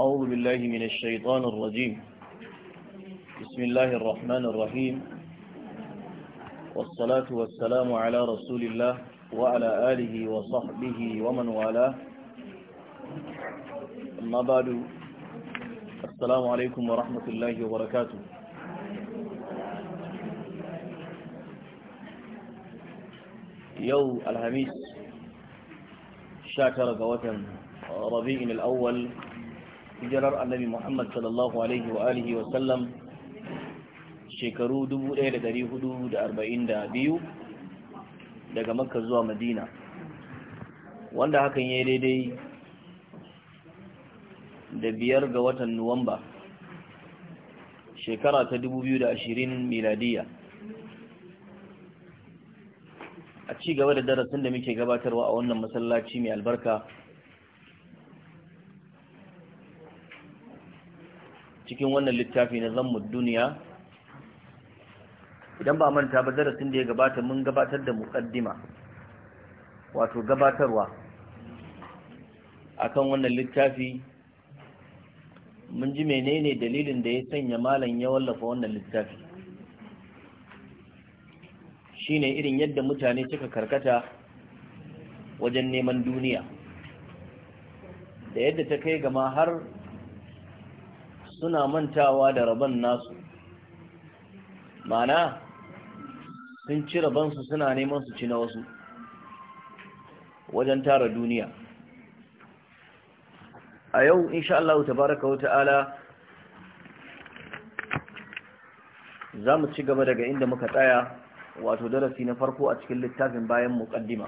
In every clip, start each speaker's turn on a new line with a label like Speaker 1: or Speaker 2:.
Speaker 1: أعوذ بالله من الشيطان الرجيم بسم الله الرحمن الرحيم والصلاة والسلام على رسول الله وعلى آله وصحبه ومن والاه أما بعد السلام عليكم ورحمة الله وبركاته يوم الخميس شاكر قوة ربيع الأول hijirar annabi muhammad sallallahu alaihi wa alihi wa sallam shekaru 1442 daga makka zuwa madina wanda hakan ya daidai da biyar ga watan nuwamba shekara ta 2020 miladiya a ci gaba da darasin da muke gabatarwa a wannan masallaci mai albarka cikin wannan littafi na zammu duniya idan ba manta ba darasin da ya gabata mun gabatar da muqaddima wato gabatarwa akan wannan littafi mun ji menene dalilin da ya sanya malam ya wallafa wannan littafi shine irin yadda mutane suka karkata wajen neman duniya da yadda ta kai gama har suna mantawa da rabon nasu mana sun ci rabonsu suna neman su ci na wasu wajen tara duniya a yau insha Allah tabaraka wa ta'ala za mu ci gaba daga inda muka tsaya wato darasi na farko a cikin littafin bayan muƙaddima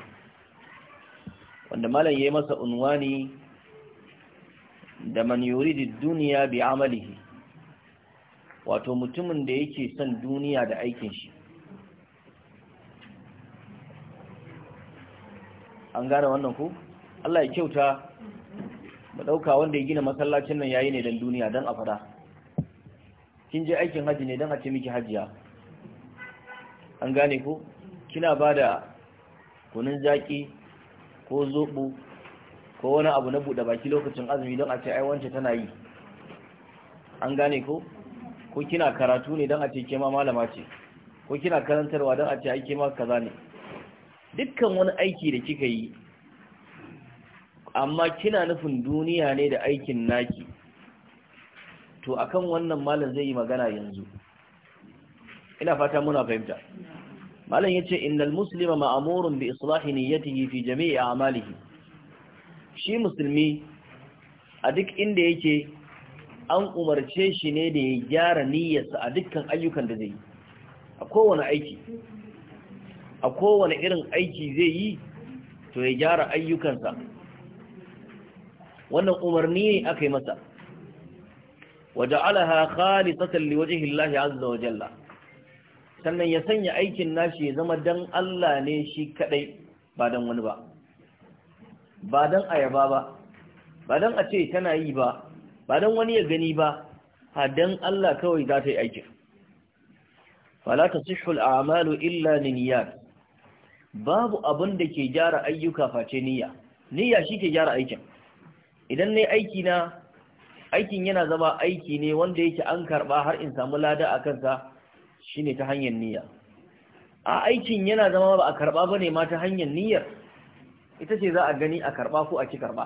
Speaker 1: wanda malam ya yi masa unwani da man yuridu duniya bi amalihi wato mutumin da yake son duniya da aikin shi an gane wannan ku Allah ya kyauta mu dauka wanda ya gina masallacin nan yayi ne dan duniya dan a fada kin je aikin haji ne dan a ce miki hajiya an gane ku kina bada kunun zaki ko zobo ko wani abu na buɗe baki lokacin azumi don a ce ai wance tana yi an gane ko ko kina karatu ne don a ce kema malama ce ko kina karantarwa don a ce ai kema kaza ne dukkan wani aiki da kika yi amma kina nufin duniya ne da aikin naki to akan wannan malam zai yi magana yanzu ina fata muna fahimta malam yace innal muslima ma'murun bi islahi niyyatihi fi jami'i a'malihi shi musulmi a duk inda yake an umarce shi ne da ya gyara niyyarsa a dukkan ayyukan da zai yi a kowane aiki a kowane irin aiki zai yi to ya gyara ayyukansa wannan umarni ne aka yi masa waja'alaha khalisatan liwajhi Allah azza wa jalla sannan ya sanya aikin nashi ya zama dan Allah ne shi kadai ba dan wani ba ba don ayaba ba ba don a ce tana yi ba ba don wani ya gani ba ha don Allah kawai za ta yi aikin fala ta sihul a'malu illa niyyar. babu abin da ke gyara ayyuka face niyya niyya shi ke gyara aikin idan ne aiki na aikin yana zama aiki ne wanda yake an karba har in samu lada a kansa shi ne ta hanyar niyya a aikin yana zama ba a karɓa karba ne ma ta hanyar niyyar ita ce za a gani a karɓa ko a ki karɓa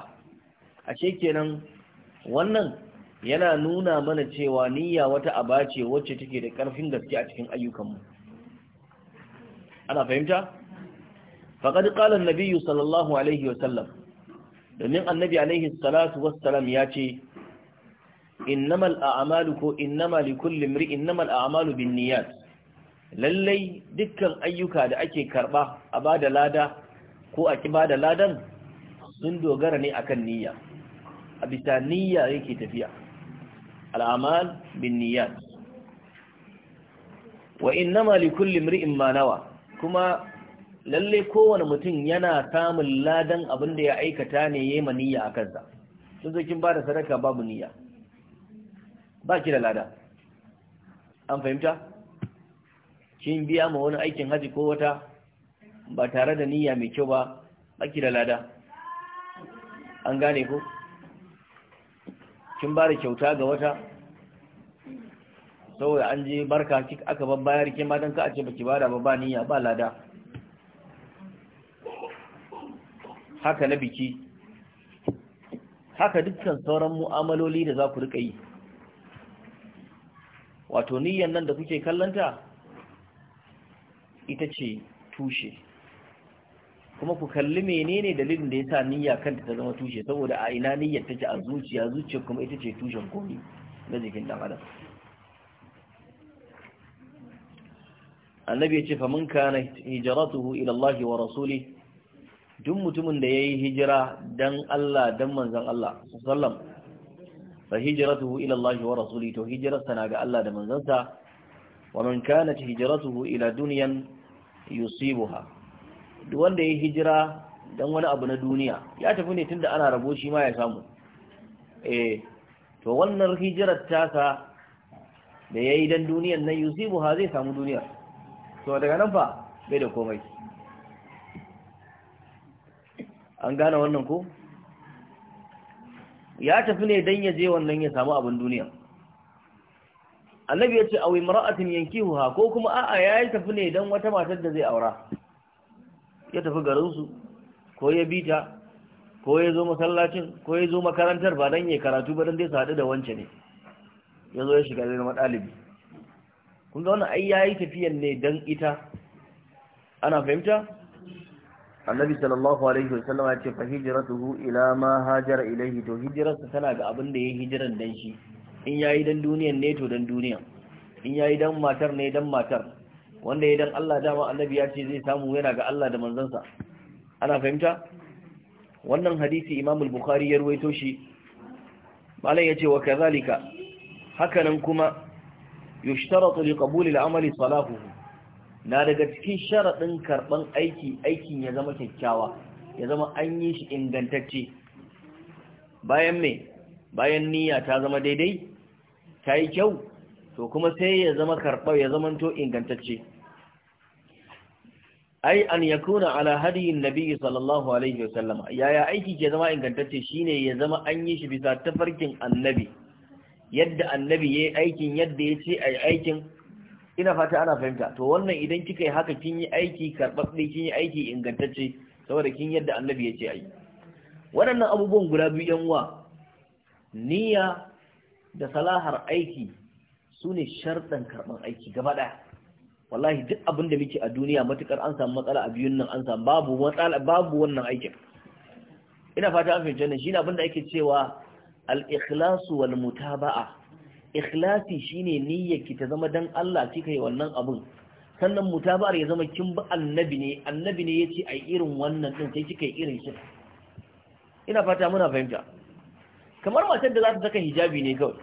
Speaker 1: ashe kenan wannan yana nuna mana cewa niyya wata aba ce wacce take da ƙarfin gaske a cikin ayyukanmu ana fahimta faqad qala an-nabiy sallallahu alaihi wa sallam domin annabi alaihi salatu wassalam ya ce innamal a'malu ko innama likulli imri'in innamal a'malu binniyat lallai dukkan ayyuka da ake karba a bada lada ko a kima da ladan sun dogara ne akan niyya a bisa niyya yake tafiya al'amal bin niyya wa innama likulli imri'in ma nawa kuma lalle kowane mutum yana samun ladan abin da ya aikata ne yayi niyya a kansa sun zo kin ba da sadaka babu niyya ba ki da lada an fahimta kin biya ma wani aikin haji ko wata ba tare da niyya mai kyau ba baki da lada an gane ku. kin ba kyauta ga wata saboda an je barka cik aka babbayar ke ma don ka a ce baki bada ba ba niyya ba lada haka na biki haka dukkan sauran mu'amaloli da za ku rika yi wato niyyan nan da kuke kallanta ita ce tushe kuma ku kalli menene dalilin da yasa niyya kanta ta zama tushe saboda a ina niyyar take a zuciya zuciya kuma ita ce tushen komai na jikin dan adam annabi ya ce fa mun kana hijratuhu ila Allah wa rasuli duk mutumin da yayi hijira dan Allah dan manzon Allah sallam fa hijratuhu ila Allah wa rasuli to hijirarsa na ga Allah da manzansa wa man kanat hijratuhu ila dunyan yusibuha duk wanda ya hijira don wani abu na duniya ya tafi ne tunda ana rabo shi ma ya samu eh to wannan hijirar tasa da ya yi don duniyar nan yusibu ha zai samu duniyar to daga nan fa bai da komai an gane wannan ko ya tafi ne don ya je wannan ya samu abin duniya annabi ya ce a wimra'atin yankihuha ko kuma a'a ya yi tafi ne don wata matar da zai aura ya tafi garinsu ko ya bi ta ko ya zo masallacin ko ya zo makarantar ba don ya karatu ba don dai su haɗu da wance ne ya zo ya shiga zai zama dalibi. kun ga wani ai ya yi tafiyan ne don ita ana fahimta annabi sallallahu alaihi wasallam ya ce fa hijratuhu ila ma hajara ilaihi to hijirarsa tana ga abin da ya yi hijiran dan shi in yayi dan duniyan ne to dan duniyan in yayi dan matar ne dan matar wanda idan Allah dama annabi ya ce zai samu yana ga Allah da manzansa ana fahimta wannan hadisi imam al-bukhari ya ruwaito shi malai yace wa kazalika hakanan kuma yushtaratu li qabuli al-amali salahu na daga cikin sharadin karban aiki aikin ya zama kyakkyawa ya zama an yi shi ingantacce bayan me bayan niyya ta zama daidai ta yi kyau to kuma sai ya zama karɓar ya zama to ingantacce ai an yakuna ala hadiyin nabi sallallahu alaihi wasallam yaya aiki ke zama ingantacce shine ya zama an yi shi bisa tafarkin annabi yadda annabi yayi aikin yadda ya ai aikin ina fata ana fahimta to wannan idan kika yi haka kin yi aiki karɓaɓɓe kin yi aiki ingantacce saboda kin yadda annabi ya ce ai waɗannan abubuwan guda biyu yan wa, niyya da salahar aiki sune shartan sharɗan karɓar aiki gaba ɗaya wallahi duk abin da muke a duniya matukar an samu matsala a biyun nan an samu babu matsala babu wannan aikin ina fata an fahimci wannan shine abin da ake cewa al-ikhlas wal mutaba'a ikhlasi shine ki ta zama dan Allah kika yi wannan abin sannan mutaba'ar ya zama kin bi annabi ne annabi ne yace ai irin wannan din sai kika yi irin shi ina fata muna fahimta kamar matar da za ta saka hijabi ne kawai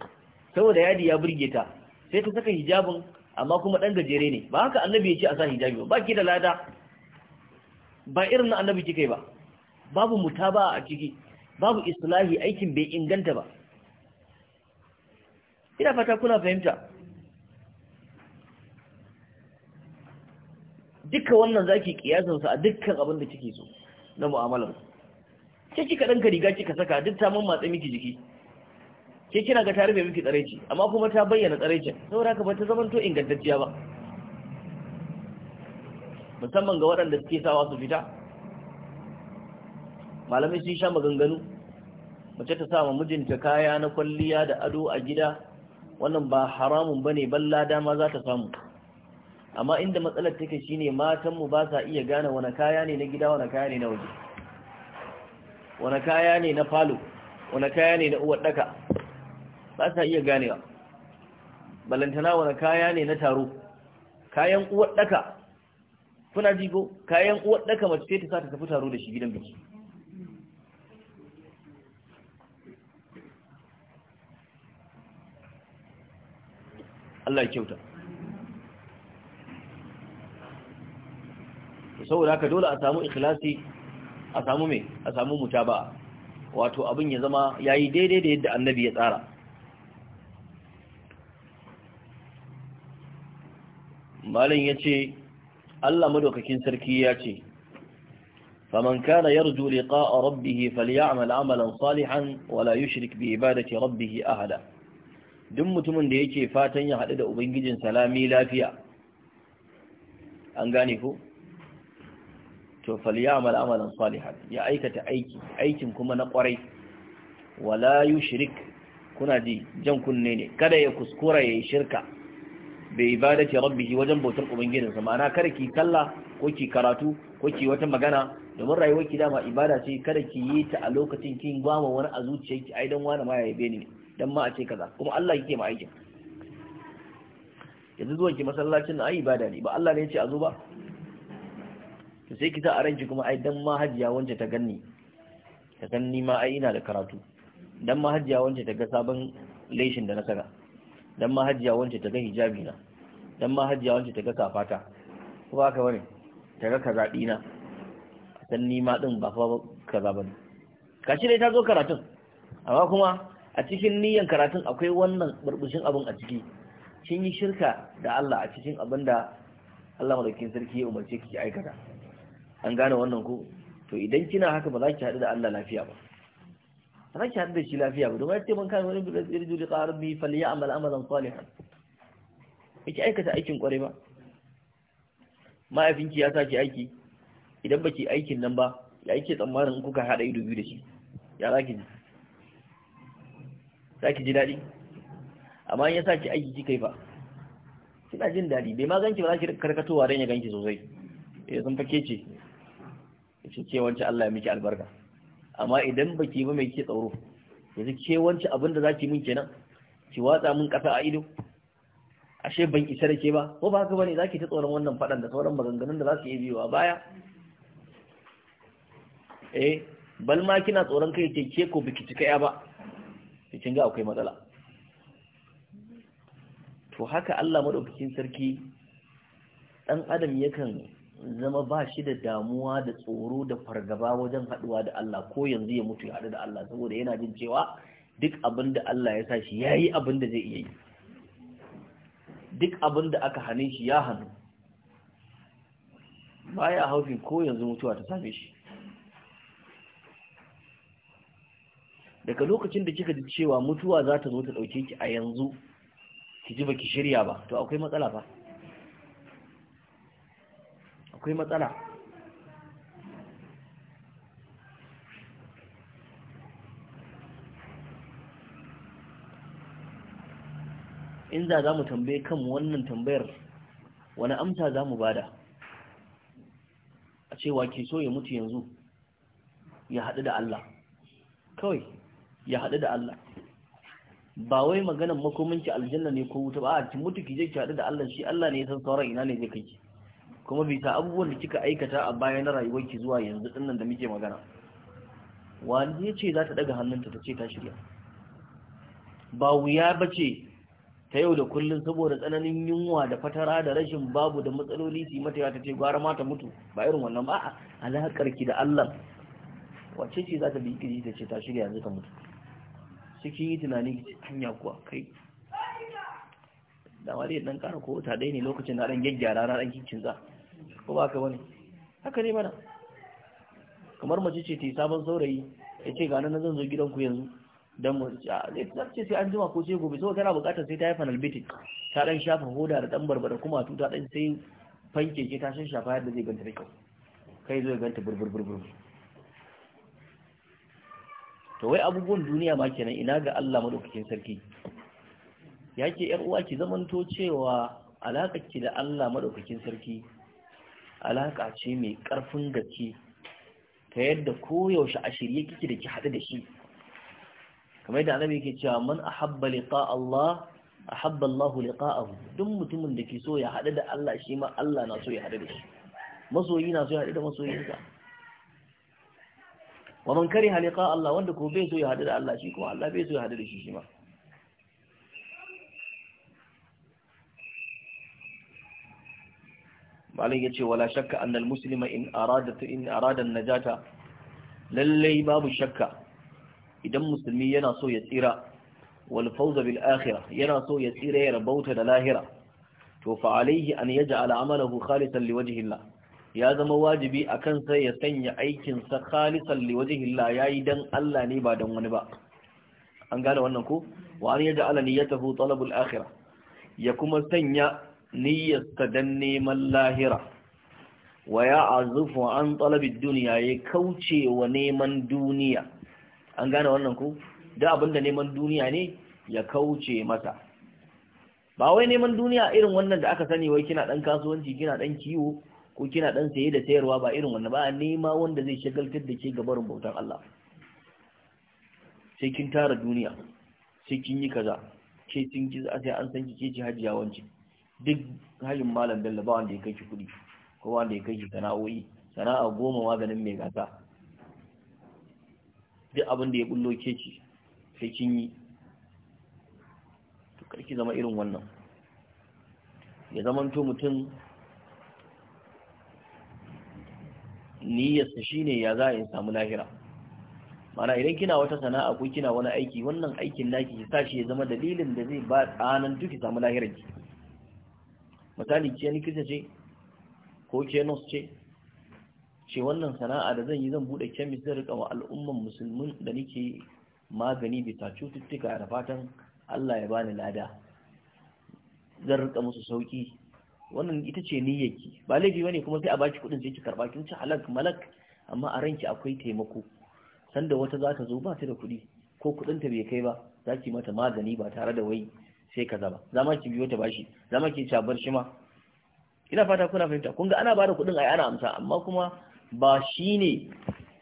Speaker 1: saboda yadi ya burge ta sai ta saka hijabin amma kuma ɗan gajere ne ba haka annabi ya ce a sa hijabi ba ki da lada ba irin na annabi yi ba babu mutaba a ciki babu islahi aikin bai inganta ba ina fata kuna fahimta Dukkan wannan zaki kiyasan sa a dukkan abin da kike so na mu'amalar ce kika danka riga kika saka duk ta mammatsa miki jiki ke kina ga tare da miki tsaraici amma kuma ta bayyana tsaraicin saboda haka ba ta zama to ingantacciya ba musamman ga waɗanda suke sawa su fita malamai sun sha maganganu mace ta ma mijinta kaya na kwalliya da ado a gida wannan ba haramun bane balla dama za ta samu amma inda matsalar take shine matan mu ba sa iya gane wani kaya ne na gida wani kaya ne na waje wani kaya ne na falo wani kaya ne na uwar daka ba ta iya ganewa balantana wani kaya ne na taro kayan uwar daka kuna jigo kayan uwar daka mace ta sa ta tafi taro da shi gidan biki Allah ya kyauta saboda haka dole a samu ikhlasi a samu me a samu mutaba wato abin ya zama yayi daidai da yadda annabi ya tsara malam ya ce Allah madaukakin sarki ya ce faman kana yarju liqa'a rabbih falyamal amalan salihan wala yushrik bi ibadati rabbih ahada duk mutumin da yake fatan ya haɗu da ubangijin salami lafiya an gane ko to falyamal amalan salihan ya aikata aiki aikin kuma na kwarai wala yushrik kuna ji jan kunne ne kada ya kuskura yayin shirka bi ibadati rabbihi wajen bautar ubangijin sa ma'ana kada ki kalla ko ki karatu ko ki wata magana domin rayuwar ki dama ibada ce kada ki yi ta a lokacin kin gwama wani a zuciyar ki ai dan wani ma ya yabe ni dan ma a ce kaza kuma Allah yake ma aikin yanzu zuwan ki masallacin ai ibada ne ba Allah ne ya ce a zo ba to sai ki sa a ranki kuma ai dan ma hajiya wanda ta ganni ta ganni ma ai ina da karatu dan ma hajiya wanda ta ga sabon leshin da na saka dan ma hajiya wanda ta ga hijabi na dan ma hajiya wance ta ga kafata ko ba ka bane ta ga kaza dina dan ni ma din ba fa kaza bane kashi dai ta zo karatun amma kuma a cikin niyyar karatun akwai wannan burbushin abin a ciki kin yi shirka da Allah a cikin abin da Allah madaukakin sarki ya umarce ki aikata an gane wannan ku? to idan kina haka ba za ki haɗu da Allah lafiya ba ba za ki haɗu da shi lafiya ba domin ya ce man kan wani bi rasiri juli qarar bi fal ya'mal amalan salihan baki aikata aikin kware ba mahaifinki ya saki aiki idan baki aikin nan ba ya yake tsammanin in kuka haɗa ido biyu da shi ya za ki ji za ki ji daɗi amma in ya saki aiki kika yi ba kina jin daɗi bai ma ganki ba za ki karkatowa don ya ganki sosai eh, ya zan fake ce ce ke wancan Allah ya miki albarka amma idan baki ba mai ke tsauro, yanzu ke wancan abin da za ki min kenan ki watsa min ƙasa a ido ashe ban isa da ke ba ko ba haka bane zaki ta tsoron wannan fadan da sauran maganganun da za su yi biyowa baya eh bal ma kina tsoron kai ke ke ko biki cika ba cikin ga akwai matsala to haka Allah madaukakin sarki dan adam yakan zama ba shi da damuwa da tsoro da fargaba wajen haduwa da Allah ko yanzu ya mutu ya hadu da Allah saboda yana jin cewa duk abinda Allah ya sa shi yayi abin da zai iya yi duk abin da aka hane shi ya hannu Ba baya haufin ko yanzu mutuwa ta same shi daga lokacin da kika ji cewa mutuwa za ta zo ta ɗauke ki a yanzu ki ji ba ki shirya ba to akwai matsala ba akwai matsala in za za mu tambaye kan wannan tambayar wani amsa za mu bada a cewa ke so ya mutu yanzu ya haɗu da Allah kawai ya haɗu da Allah ba wai maganan ki aljanna ne ko wuta ba a cikin mutu ki je ki haɗu da Allah shi Allah ne ya san sauran ina ne zai kai ki kuma bisa abubuwan da kika aikata a bayan na rayuwarki zuwa yanzu dinnan da muke magana wani ya ce za ta daga hannunta ta ce ta shirya ba wuya ba ce ta yau da kullum saboda tsananin yunwa da fatara da rashin babu da matsaloli su mata ya ta ce gwara mata mutu ba irin wannan ba a alaƙar ki da Allah wacce ce za ta bi kiji ta ce ta shirya yanzu ta mutu cikin yi tunani hanya kuwa kai da wani dan ƙara ko ta dai ne lokacin da ɗan gyaggyara na ɗan kicin za ko ba ka wani haka ne mana kamar mace ce ta yi sabon saurayi ya ce gani na zan zo gidanku yanzu don mu zai sai an jima ko sai gobe so kana bukatar sai ta yi fanalbitic ta dan shafa hoda da dan barbara kuma a tuta dan sai fanke ke ta shafa yadda zai ganta da kai zai ganta burbur burbur to wai abubuwan duniya ma kenan ina ga Allah madaukakin sarki yake yar uwa ki zamanto cewa alakar ki da Allah madaukakin sarki alaka ce mai karfin gaske ta yadda koyaushe a shirye kike da ki hadu da shi kamar yadda annabi yake cewa man ahabba liqa Allah ahabba Allah liqa'ahu duk mutumin da ke so ya hadu da Allah shi ma Allah na so ya hadu da shi masoyi na so ya hadu da masoyinsa wa man kariha liqa Allah wanda ko bai so ya hadu da Allah shi kuma Allah bai so ya hadu da shi shi ma malai yace wala shakka annal muslima in arada in arada najata lallai babu shakka idan musulmi yana so ya tsira wal bil akhirah yana so ya tsira ya rabauta da lahira to fa alaihi an yaj'ala amalahu khalisan liwajhi Allah ya zama wajibi akan sai ya sanya aikin sa khalisan liwajhi Allah yayi dan Allah ne ba dan wani ba an gane wannan ko wa an yaj'ala niyyatahu talabul akhirah ya kuma sanya niyyarsa dan neman lahira wa ya azufu an talabid duniya ya kauce wa neman duniya an gane wannan ku da abinda da neman duniya ne ya kauce masa ba wai neman duniya irin wannan da aka sani wai kina dan kasuwanci kina dan kiwo ko kina dan saye da sayarwa ba irin wannan ba nema wanda zai shagaltar da ke gabarin bautan Allah sai kin tara duniya sai kin yi kaza ke kin ki sai an san ki ke ji hajiya wance duk halin malam Bello ba wanda ya kai ki kudi ko wanda ya kai ki sana'o'i sana'a goma maganin mai gasa duk abin da ya bullo ke ci sai kin yi to karki zama irin wannan ya to mutum niyyarsa shine ya za ya samu lahira mana idan kina wata sana'a ko kina wani aiki wannan aikin naki ki sa shi ya zama dalilin da zai ba tsanan duki samu lahirar ki misali ke ni kisa ce ko ke nos ce ce wannan sana'a da zan yi zan buɗe kemis da rika wa al'umman musulmin da nake magani bisa cututtuka da fatan Allah ya bani lada zan rika musu sauki wannan ita ce niyyarki ba laifi bane kuma sai a baki kuɗin sai ki karba kin ci halak malak amma a ranki akwai taimako sanda wata za ta zo ba ta da kuɗi ko kudin ta bai kai ba za ki mata magani ba tare da wai sai kaza ba za ma ki biyo ta bashi za ma ki cabar shi ma ina fata kuna fahimta kun ga ana bada kuɗin ai ana amsa amma kuma ba shi ne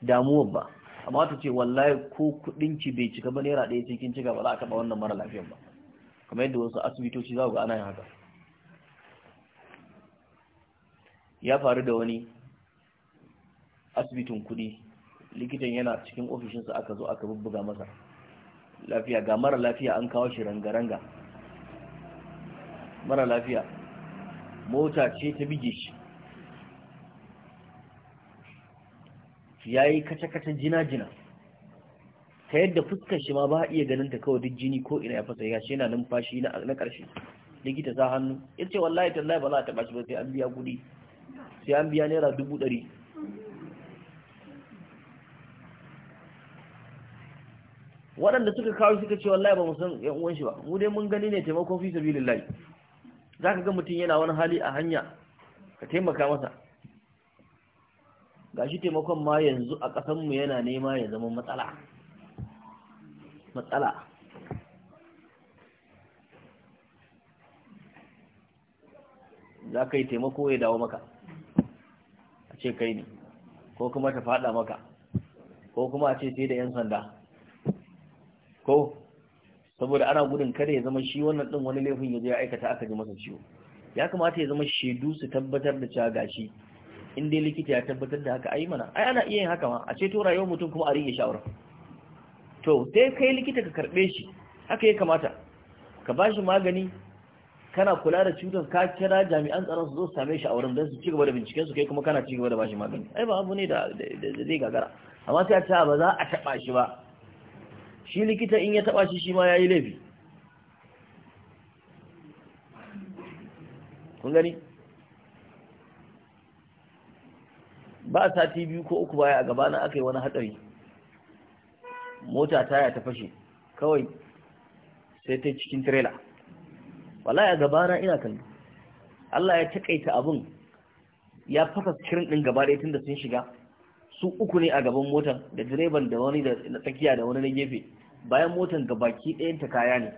Speaker 1: damuwar ba amma ta ce wallahi ko ki bai cika ba naira ɗaya cikin cika ba za a taɓa wannan mara lafiyan ba kamar yadda wasu asibitoci za ga ana yin haka ya faru da wani asibitin kuɗi likitan yana cikin ofishinsa aka zo aka bubbuga masa lafiya ga mara lafiya an kawo shi ranga-ranga mara lafiya mota ce ta bige shi ya yi kace-kace jina-jina ta yadda fuskar shi ma ba iya ganin ta kawai duk jini ko ina ya fasa ya shi yana numfashi na ƙarshe likita za hannu ya ce wallahi ta ba za a taɓa shi ba sai an biya kuɗi sai an biya naira dubu ɗari waɗanda suka kawo suka ce wallahi ba musan san yan uwan shi ba mu dai mun gani ne taimakon fi sabilillahi ka ga mutum yana wani hali a hanya ka taimaka masa gashi taimakon ma yanzu a ƙasanmu yana nema ya zama matsala matsala za ka yi taimako ya dawo maka a ce kai ne ko kuma ta fada maka ko kuma a ce sai da 'yan sanda ko saboda ana gudun kada ya zama shi wannan ɗin wani laifin ya zai aikata aka ji masa ciwo ya kamata ya zama shaidu su tabbatar da cewa gashi in dai likita ya tabbatar da haka ayi mana ai ana iya yin haka ma a ceto rayuwar mutum kuma a rige shawara to sai kai likita ka karbe shi haka ya kamata ka ba shi magani kana kula da cutar ka kira jami'an tsaron su zo su same shi a wurin don su ci gaba da binciken su kai kuma kana ci gaba da ba shi magani ai ba abu ne da zai gagara amma sai a ta ba za a taba shi ba shi likita in ya taba shi shi ma yi laifi kun gani ba sati biyu ko uku baya a gabana aka yi wani hatsari mota taya ta fashe kawai sai ta cikin trailer wallahi a gabana ina kallo Allah ya takaita abun ya fasa cirin din gaba da tunda sun shiga su uku ne a gaban motar da direban da wani da tsakiya da wani na gefe bayan motar gabaki ɗayan ta kaya ne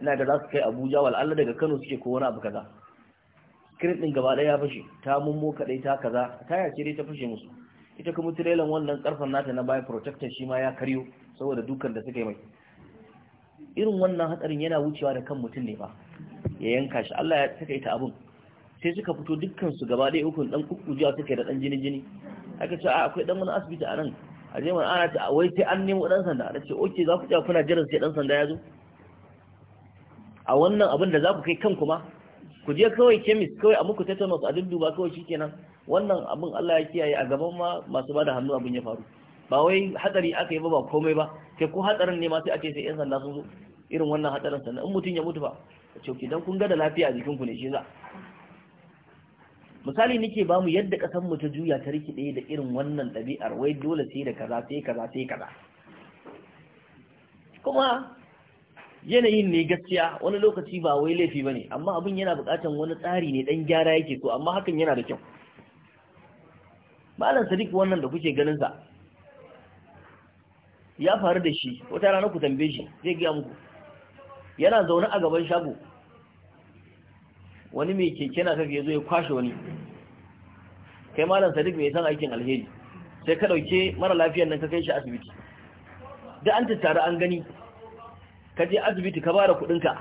Speaker 1: ina da za su kai Abuja wal Allah daga Kano suke ko wani abu kaza kirin din gaba ɗaya ya fashe ta mummo kaɗai ta kaza taya ce dai ta fashe musu ita kuma trailer wannan karfan nata na baya protector shi ma ya karyo saboda dukan da suka yi mai irin wannan hatsarin yana wucewa da kan mutum ne ba ya yanka shi Allah ya saka ita abun sai suka fito dukkan su gaba ɗaya ukun dan kukkujiya suka da dan jini jini aka ce a akwai dan wani asibiti a nan a je mana ana ta wai sai an nemo dan sanda da ce okay za ku tsaya kuna jiran sai dan sanda ya zo a wannan abin da za ku kai kanku ma ku je kawai kemis kawai a muku tetanus a dudduba kawai kenan, wannan abin Allah ya kiyaye a gaban ma masu bada hannu abin ya faru ba wai hatsari aka yi ba komai ba kai ko hatsarin ne ma sai ake sai yan sanda sun zo irin wannan hatsarin sannan in mutum ya mutu ba cauki dan kun ga da lafiya a jikin ku ne shi za misali nake bamu yadda kasan mu ta juya ta rikide da irin wannan dabi'ar wai dole sai da kaza sai kaza sai kaza kuma yanayin ne gaskiya wani lokaci ba wai laifi ba ne amma abin yana bukatan wani tsari ne dan gyara yake so amma hakan yana da kyau malam sadiq wannan da kuke ganinsa ya faru da shi wata rana ku tambaye shi zai gaya muku yana zaune a gaban shago wani mai keke na kafi ya ya kwashe wani kai malam sadiq mai san aikin alheri sai ka ɗauke mara lafiyar nan ka kai shi asibiti da an tattara an gani ka je asibiti ka bada kuɗinka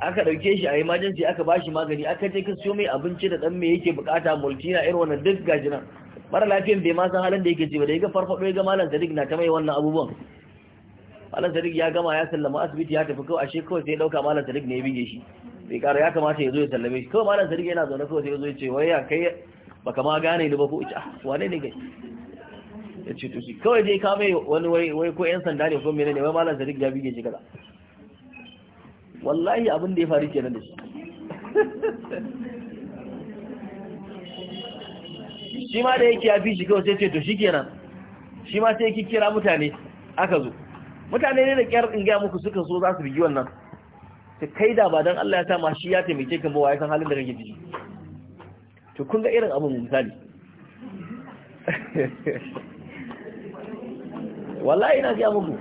Speaker 1: aka ɗauke shi a emergency aka bashi magani aka je ka siyo mai abinci da ɗan me yake bukata multina irin wannan duk gaji nan mara lafiyan bai ma san halin da yake ci ba da ya ga farfaɗo ya ga malam sadiq na ta mai wannan abubuwan malam sadiq ya gama ya sallama asibiti ya tafi kawai ashe kawai sai ya ɗauka malam sadiq ne ya binge shi bai ƙara ya kamata ya zo ya sallame shi kawai malam sadiq yana zaune kawai sai ya zo ya ce wai ya kai baka ma gane ni ba ko ita ah, wane ne kai ya ce to kawai dai kame wani wai wai ko yan sanda ne ko menene wai malam Sadiq ya bige shi kaza wallahi abin da ya faru kenan da shi shi ma da yake ya fi shi kawai sai ce to shi kenan shi ma sai yake kira mutane aka zo mutane ne da kyar in ga muku suka so za su bigi wannan ta kai da ba don Allah ya sama shi ya taimake ka bawa ya san halin da kake ciki to kun ga irin abin misali
Speaker 2: wallahi ina ga muku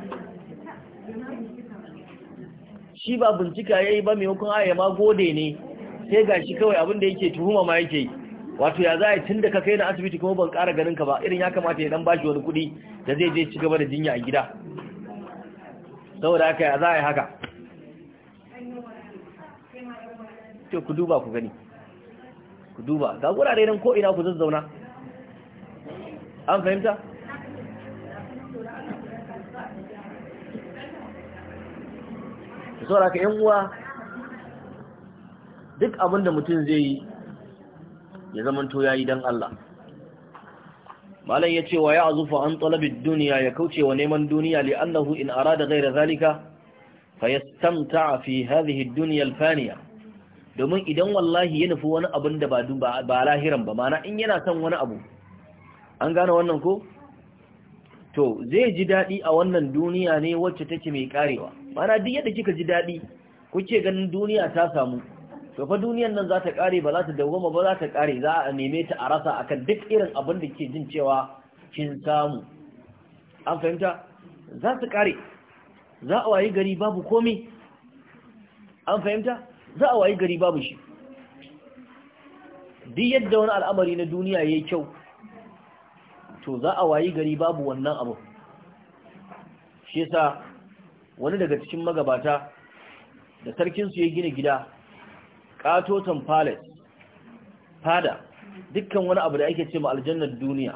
Speaker 1: shi ba bincika yayi ba maimakon aya ma gode ne sai gashi kawai abin da yake tuhuma ma yake wato ya zai tunda tun da ka kai na asibiti kuma ban ƙara ganin ka ba irin ya kamata ya dan bashi wani kuɗi da zai je ci gaba da jinya a gida saboda haka ya za a yi haka to ku duba ku gani ku duba ga gurare nan ko ina ku zazzauna an fahimta saura ka yan duk abin da mutum zai yi ya zamanto yayi dan Allah malam yace wa ya azufa an talabid duniya ya kauce wa neman duniya li annahu in arada gaira zalika fayastamta fi hadhihi fi dunya al domin idan wallahi ya nufi wani abin da ba ba lahiran ba mana in yana son wani abu an gane wannan ko to zai ji daɗi a wannan duniya ne wacce take mai karewa mana duk yadda kika ji daɗi kuke ganin duniya ta samu to fa duniyan nan za ta kare ba za ta dawoma ba za ta kare, za a neme ta a rasa akan duk irin abin da ke jin cewa kin samu an fahimta za su kare, za a wayi gari babu komai an fahimta za a wayi gari babu shi duk yadda wani al'amari na duniya ya yi kyau to za a wayi gari babu wannan abu shi yasa wani daga cikin magabata da sarkinsu ya gina gida katoton palace fada dukkan wani abu da ake ce ma aljannar duniya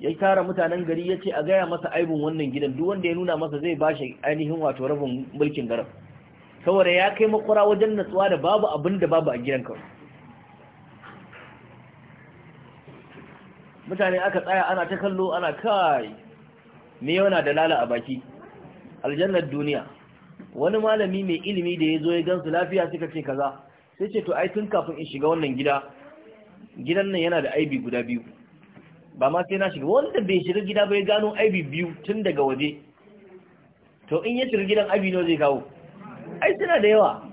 Speaker 1: ya tara mutanen gari ya ce a gaya masa aibin wannan gidan duk wanda ya nuna masa zai bashi ainihin wato rabin mulkin garin saboda ya kai makwara wajen natsuwa da babu abin da babu a gidan kawai mutane aka tsaya ana ta kallo ana kai me yana da lala a baki aljannar duniya wani malami mai ilimi da ya zo ya gansu lafiya suka ce kaza sai ce to ai tun kafin in shiga wannan gida gidan nan yana da aibi guda biyu ba ma sai na shiga wanda bai shiga gida bai gano aibi biyu tun daga waje to in ya shiga gidan aibi ne zai kawo ai suna da yawa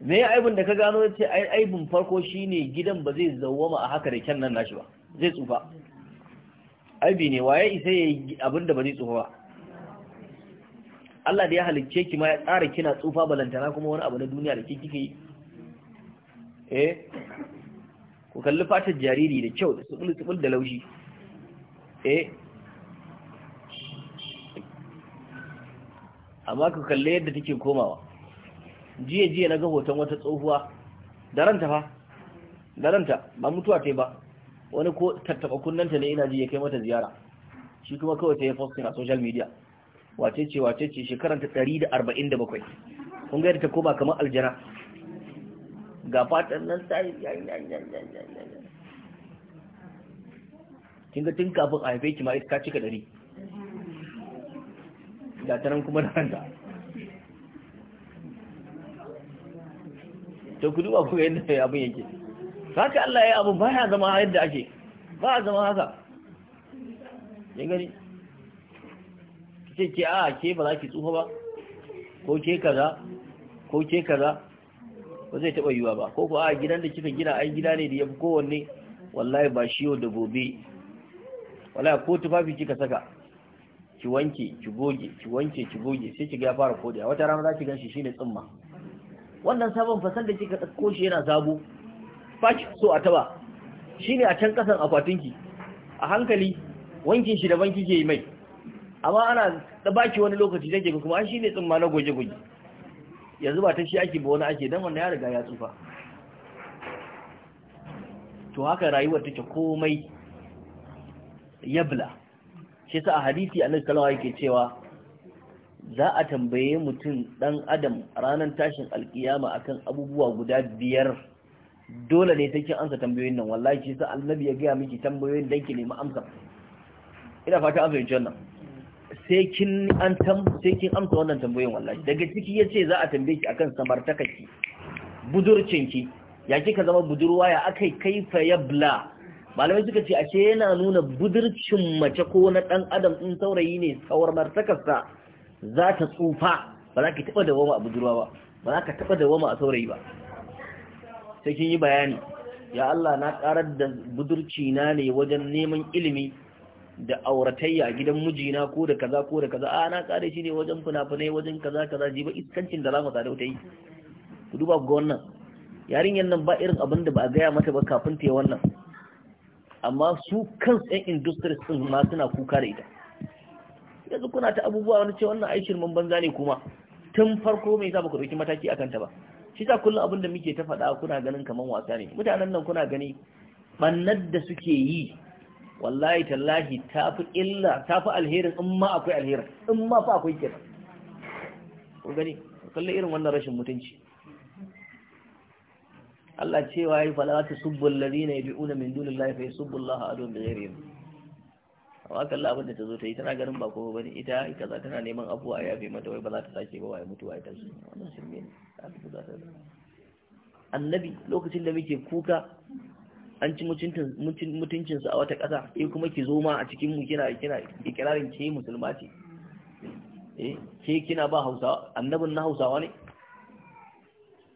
Speaker 1: me ya aibin da ka gano ya ce aibin farko shine gidan ba zai zawwama a haka da kyan nan nashi ba zai tsufa aibi ne waye isa ya yi abin da ba zai tsufa ba Allah da ya halicce ki ma ya tsara kina tsufa balantana kuma wani abu na duniya da ke kike yi eh ku kalli fatar jariri da kyau da tsubul tsubul da laushi eh amma ku kalli yadda take komawa jiye-jiye na ga hoton wata tsohuwa da ranta fa da ranta ba mutuwa ta ba wani ko tattaba kunnanta ne ina ji ya kai mata ziyara shi kuma kawai ta yi posting a social media wace ce wace ce shekaranta 147 kun ga ta koma kamar aljana ga fatan nan sai kin ga tun kafin a haife ki ma ita cika ɗari Da ta nan kuma da hanta to ku duba kuma yadda abin yake haka Allah ya abin ba ya zama yadda ake ba a zama haka ya gani ce ke a ke ba za ki tsufa ba ko ke kaza ko ke kaza ba zai taɓa yiwa ba ko ko a gidan da kika gina ai gida ne da ya fi kowanne wallahi ba shi yau da gobe wallahi ko tufafi kika saka ki wanke ki goge ki wanke ki goge sai kiga ga fara kodiya wata rana za ki ganshi shine tsumma wannan sabon fasal da kika dauko shi yana zabo ki so a taba shine a can kasan akwatinki a hankali wankin shi daban kike yi mai amma ana da baki wani lokaci take kuma an shine tsimma na goge-goge yanzu ba ta shi ake ba wani ake dan wannan ya riga ya tsufa to haka rayuwar take komai yabla shi sa a hadisi a sallallahu alaihi yake cewa za a tambaye mutum dan adam ranar tashin alkiyama akan abubuwa guda biyar dole ne take ansa tambayoyin nan wallahi shi sa annabi ya ga miki tambayoyin dan ki nemi amsa ina fata an fahimci wannan sai kin an sai kin amsa wannan tambayoyin wallahi daga ciki yace za a tambaye ki akan samartakaki budurcinki ya kika zama budurwa ya akai kaifa yabla malamai suka ce ashe yana nuna budurcin mace ko na dan adam in saurayi ne tsawar martakarsa za ta tsufa ba za ka taba wama a budurwa ba ba za ka taba wama a saurayi ba sai kin yi bayani ya Allah na karar da budurci na ne wajen neman ilimi da auratayya gidan mijina ko da kaza ko da kaza a na kare shi ne wajen fina-finai wajen kaza kaza ji ba iskancin da zamu sadau ta yi ku duba ga wannan yarinyar nan ba irin abin da ba gaya mata ba kafin ta yi wannan amma su kan yan industries din ma suna kuka da ita yanzu kuna ta abubuwa wani ce wannan aishin man banza ne kuma tun farko mai sa ba ku dauki mataki akan ta ba shi sa kullum abin da muke ta faɗa kuna ganin kaman wasa ne mutanen nan kuna gani bannar da suke yi wallahi tallahi tafi illa tafi alherin in ma akwai alherin in ma fa akwai kira ko gani kalle irin wannan rashin mutunci Allah cewa yi fala ta subbul ladina yad'una min dunillahi fa yasubbullaha adun bi ghayrihim amma kalla abin da ta zo ta yi tana ganin ba ko bane ita ita za tana neman abuwa ya fi mata wai ba za ta sake ba wai mutuwa ita su wannan shirme ne annabi lokacin da muke kuka an ci mutuncinsu a wata ƙasa ke kuma ki zo ma a cikin mu kina ikirarin ke musulma ce eh, ke kina ba hausawa annabin na hausawa ne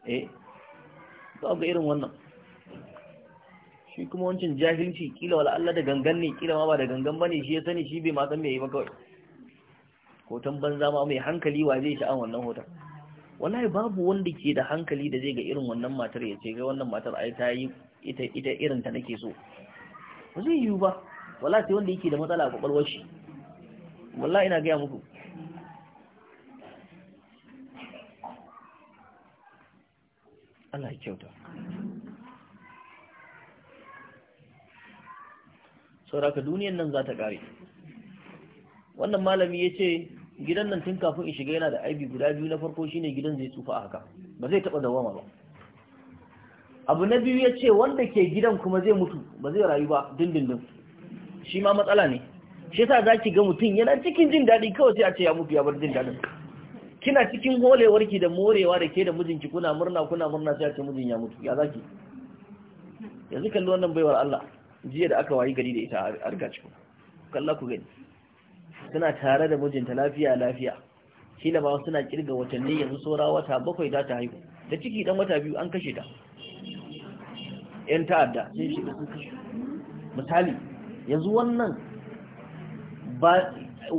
Speaker 1: eh ba ga irin wannan shi kuma wancan jahilci kila wala Allah da gangan ne kila ma ba da gangan bane shi ya sani shi bai ma san me yi ba kawai hoton banza ma mai hankali wa zai sha'an wannan hoton wallahi babu wanda ke da hankali da zai ga irin wannan matar ya ce ga wannan matar ai ta yi ita ita irin ta nake so ba zai yiwu ba wallahi sai wanda yake da matsala a kwakwalwar shi wallahi ina gaya muku Allah ya kyauta sauraka duniyan nan za ta kare wannan malami ya ce gidan nan tun kafin in shiga yana da aibi guda biyu na farko shine gidan zai tsufa a haka ba zai taɓa dawama ba abu na biyu ya ce wanda ke gidan kuma zai mutu ba zai rayu ba dindindin shi ma matsala ne shi sa za ki ga mutum yana cikin jin daɗi kawai sai a ce ya mutu ya bar jin daɗin kina cikin holewarki da morewa da ke da mijinki kuna murna kuna murna sai a ce mijin ya mutu ya zaki yanzu kalli wannan baiwar Allah jiya da aka wayi gari da ita a riga cikin kalla ku gani suna tare da mijinta lafiya lafiya kila ba suna kirga watanni yanzu saura wata bakwai za ta haihu da ciki dan wata biyu an kashe ta 'yan ta'adda sun shiga sun misali yanzu wannan ba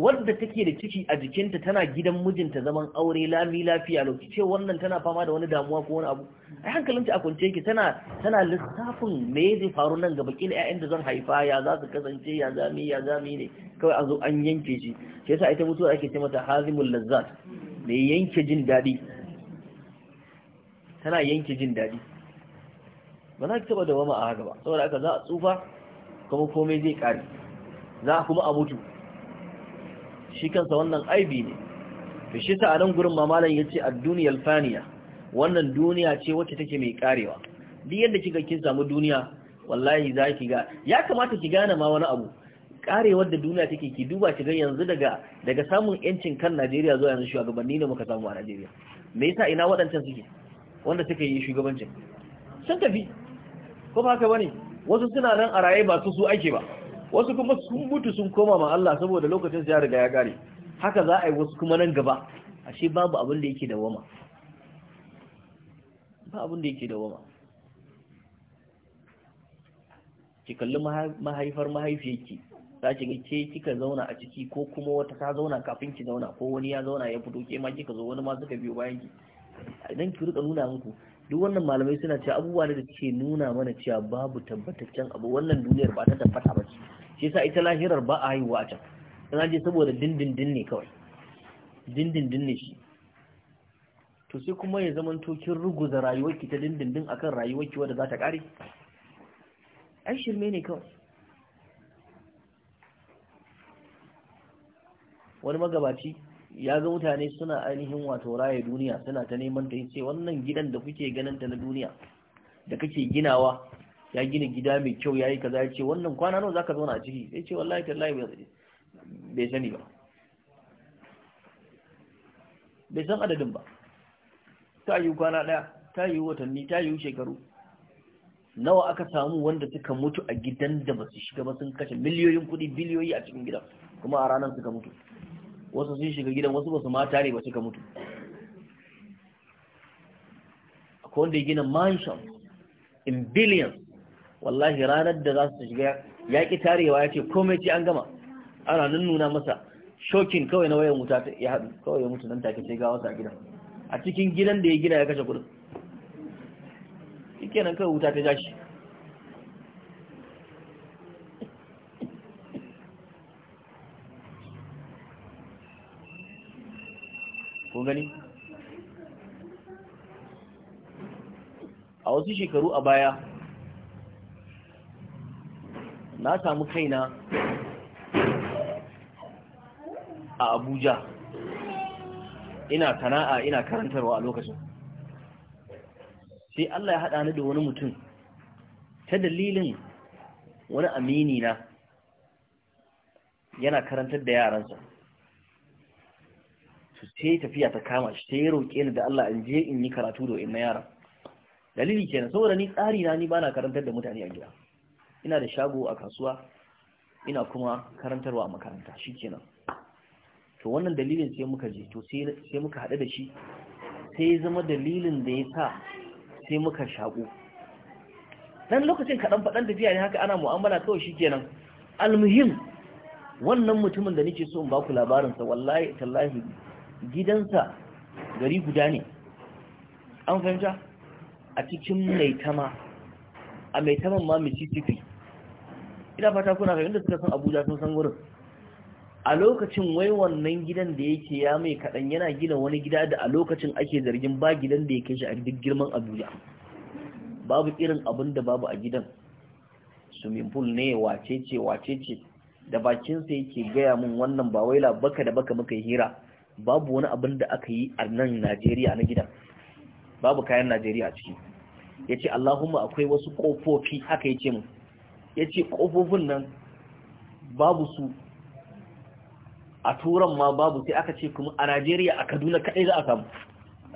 Speaker 1: wadda take da ciki a jikinta tana gidan mijinta zaman aure lami lafiya lauki ce wannan tana fama da wani damuwa ko wani abu ai hankalinta a kwance yake tana lissafin me zai faru nan gaba bakin ƴaƴan da zan haifa ya za su kasance ya zami ya zami ne kawai an zo an yanke shi shi yasa ita mutuwa ake ce mata hazimul lazzat me yanke jin daɗi tana yanke jin daɗi ba za ki taba da wama a haka ba saboda aka za a tsufa kuma komai zai kare za a kuma a mutu shi kansa wannan aibi ne to shi sa a nan gurin mamalan ce a dunyal faniya wannan duniya ce wacce take mai karewa duk yadda kika kin samu duniya wallahi za ki ga ya kamata ki gane ma wani abu karewar da duniya take ki duba ki ga yanzu daga daga samun yancin kan Najeriya zuwa yanzu shugabanni ne muka samu a Najeriya me yasa ina waɗancan suke wanda suka yi shugabancin sun tafi ko ba haka bane wasu suna nan a raye ba su su ake ba wasu kuma sun mutu sun koma ma Allah saboda lokacin ya riga ya kare haka za a yi wasu kuma nan gaba ashe babu abin da yake dawama ba abin da yake dawama ki kalli mahaifar yake za ki ga ke kika zauna a ciki ko kuma wata ta zauna kafin ki zauna ko wani ya zauna ya fito ke ma kika zo wani ma suka biyo bayan ki idan ki rika nuna muku duk wannan malamai suna cewa abubuwa ne da ke nuna mana cewa babu tabbataccen abu wannan duniyar ba ta tabbata ba ce shi yasa ita lahirar ba a haihuwa a can kana je saboda dindindin ne kawai dindindin ne shi to sai kuma ya zama tokin ruguza rayuwarki ta dindindin akan rayuwarki wadda za ta kare ai shirme ne kawai wani magabaci ya ga mutane suna ainihin wato raye duniya suna ta neman ta ce wannan gidan da kuke ganin ta na duniya da kake ginawa ya gina gida mai kyau yayi kaza ya ce wannan kwana nawa zaka zauna a ciki sai ce wallahi tallahi bai sani ba bai san adadin ba ta yi kwana daya ta yi watanni ta yi shekaru nawa aka samu wanda suka mutu a gidan da ba su shiga ba sun kashe miliyoyin kuɗi biliyoyi a cikin gidan, kuma a ranar suka mutu wasu sun shiga gidan wasu basu mata ne ba suka mutu akwai wanda ya gina mansion in billions wallahi ranar da za su shiga ya ki tarewa ya ce komai ce an gama ana nuna masa shokin kawai na wayan wuta ya haɗu kawai ya mutu nan take ce gawa a gidan a cikin gidan da ya gina ya kashe kudin shi kenan kawai wuta ta ja shi gani a wasu shekaru a baya na samu kaina a abuja ina sana'a ina karantarwa a lokacin sai allah ya haɗa ni da wani mutum ta dalilin wani amini na yana karantar da yaransa to sai tafiya ta kama shi sai ya roƙe ni da Allah in je in yi karatu da na yara dalili kenan saboda ni tsari na ni bana karantar da mutane a gida ina da shago a kasuwa ina kuma karantarwa a makaranta shi kenan. to wannan dalilin sai muka je to sai muka haɗu da shi sai ya zama dalilin da ya sa sai muka shaƙo dan lokacin kaɗan faɗan tafiya ne haka ana mu'amala kawai shi kenan almuhim wannan mutumin da nake so in baku labarinsa wallahi tallahi gidansa gari guda ne an fahimta a cikin maitama a maitaman ma mississippi ina fata kuna fahimta suka san abuja sun san gurin a lokacin wai wannan gidan da yake ya mai kaɗan yana gina wani gida da a lokacin ake zargin ba gidan da ya kai shi a duk girman abuja babu irin abin da babu a gidan swimming pool ne wacece wacece da bakinsa yake gaya min wannan ba wai labaka da baka muka hira babu wani abin da aka yi a nan Najeriya na gidan babu kayan Najeriya a ciki yace Allahumma akwai wasu kofofi haka yace mu yace kofofin nan babu su a turan ma babu sai aka ce kuma a Najeriya a Kaduna kadai za a samu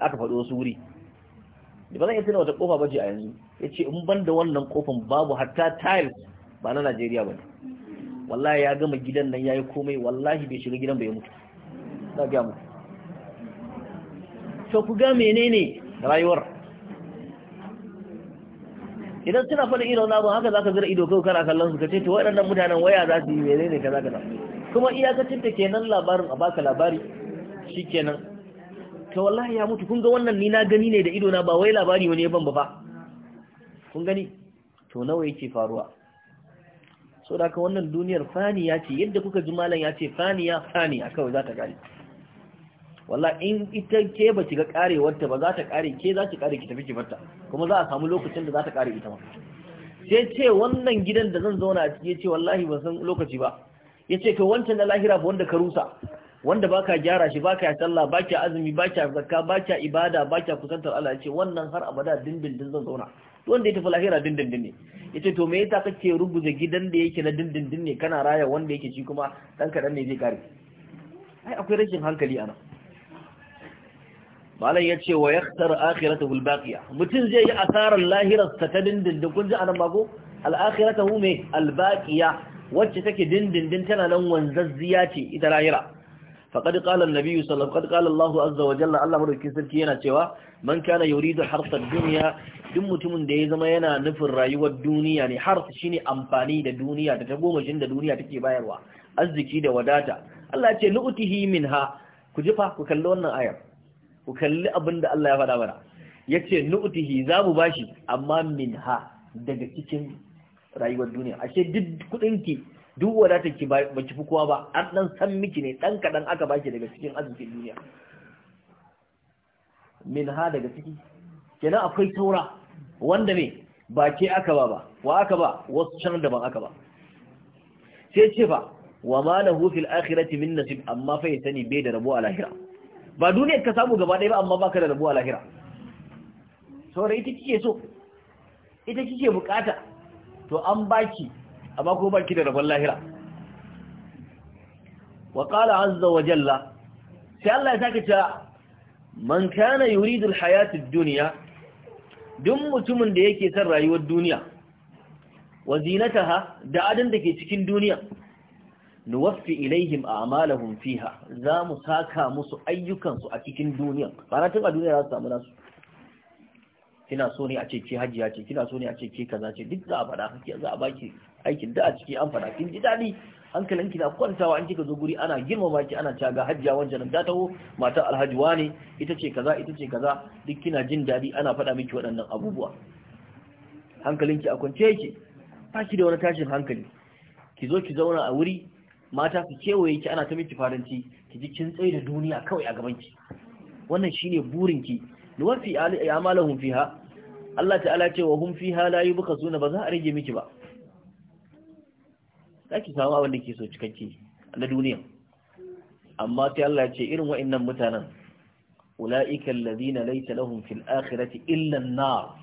Speaker 1: aka faɗi wasu wuri da bazan yace na wata kofa baje a yanzu yace in ban da wannan kofan babu hatta tiles ba na Najeriya bane wallahi ya gama gidan nan yayi komai wallahi bai shiga gidan bai mutu na gaya muku to ku ga menene rayuwar idan suna faɗin ido na haka zaka zira ido kawai kana kallon su kace to waɗannan mutanen waya za su yi menene kaza kaza kuma iyakacin ta kenan labarin a baka labari shikenan to wallahi ya mutu kun ga wannan ni na gani ne da ido na ba wai labari wani ya ban ba fa kun gani to nawa yake faruwa so da ka wannan duniyar faniya ce yadda kuka ji malam ya ce faniya faniya kawai za ta gani Walla in ita ke ba ki ga karewarta ba za ta kare ke za ki kare ki tafi ki barta kuma za a samu lokacin da za ta kare ita ma sai ce wannan gidan da zan zauna a ciki ce wallahi ba san lokaci ba yace to wancan na lahira ba wanda ka rusa wanda baka gyara shi baka ya sallah baka azumi baka zakka baka ibada baka kusantar Allah yace wannan har abada din zan zauna wanda ya tafi lahira dindindin ne yace to me yasa kake rubuta gidan da yake na dindindin ne kana raya wanda yake shi kuma dan kadan ne zai kare ai akwai rashin hankali a nan. malam ya ce wa yaktar akirata albaqiya mutum zai yi asarar lahirar ta ta dindindin kun ji mako al'akirata akhiratahu me wacce take dindindin tana nan wanzazziya ce ita lahira faqad qala an-nabi sallallahu alaihi qala azza wa jalla Allah madaukakin sarki yana cewa man kana yuridu harsar duniya duk mutumin da ya zama yana nufin rayuwar duniya ne harsa shine amfani da duniya da tagomashin da duniya take bayarwa arziki da wadata Allah ya ce nu'tihi minha ku jifa ku kalli wannan ayar ku kalli abin da Allah ya faɗa mana Ya nu'utihi za mu bashi amma min ha daga cikin rayuwar duniya ashe duk kudinki duk wadatar ki ba ki fi kowa ba an dan san miki ne ɗan kaɗan aka ba ki daga cikin arzikin duniya Min ha daga ciki kenan akwai taura wanda me ba ke aka ba ba wa aka ba wasu can da ban aka ba sai ce fa wa ma lahu fil akhirati min nasib amma fa sani bai da rabu a lahira ba duniyar ka samu gaba ɗaya ba amma baka da rabuwa lahira saboda ita kike so ita kike bukata to an baki amma ko baki da rabon lahira wa qala azza wa jalla sai Allah ya saka cewa man kana yuridu alhayatid dunya duk mutumin da yake son rayuwar duniya wa zinataha da adan da ke cikin duniya nuwaffi ilaihim a'malahum fiha za mu saka musu ayyukansu a cikin duniya ba tun a duniya za su samu nasu kina so ne a ce ke hajiya ce kina so ne a ce ke kaza ce duk za a faɗa haki za a baki aikin da a ciki an faɗa kin ji dadi hankalin na kwantawa an kika zo guri ana girma ki ana caga hajiya wancan da taho matar alhaji wane ita ce kaza ita ce kaza duk kina jin daɗi ana faɗa miki waɗannan abubuwa Hankalin ki a kwance yake ba ki da wani tashin hankali ki zo ki zauna a wuri mata su kewaye ki ana ta miki faranci ki ji kin tsaye da duniya kawai a gaban ki wannan shine burin ki nuwafi amalahum fiha Allah ta'ala ce wa hum fiha la yubkhasuna ba za a rage miki ba zaki samu abin da ke so cikakke na duniya amma sai Allah ya ce irin wa'annan mutanen ulaika alladhina laysa lahum fil akhirati illa an-nar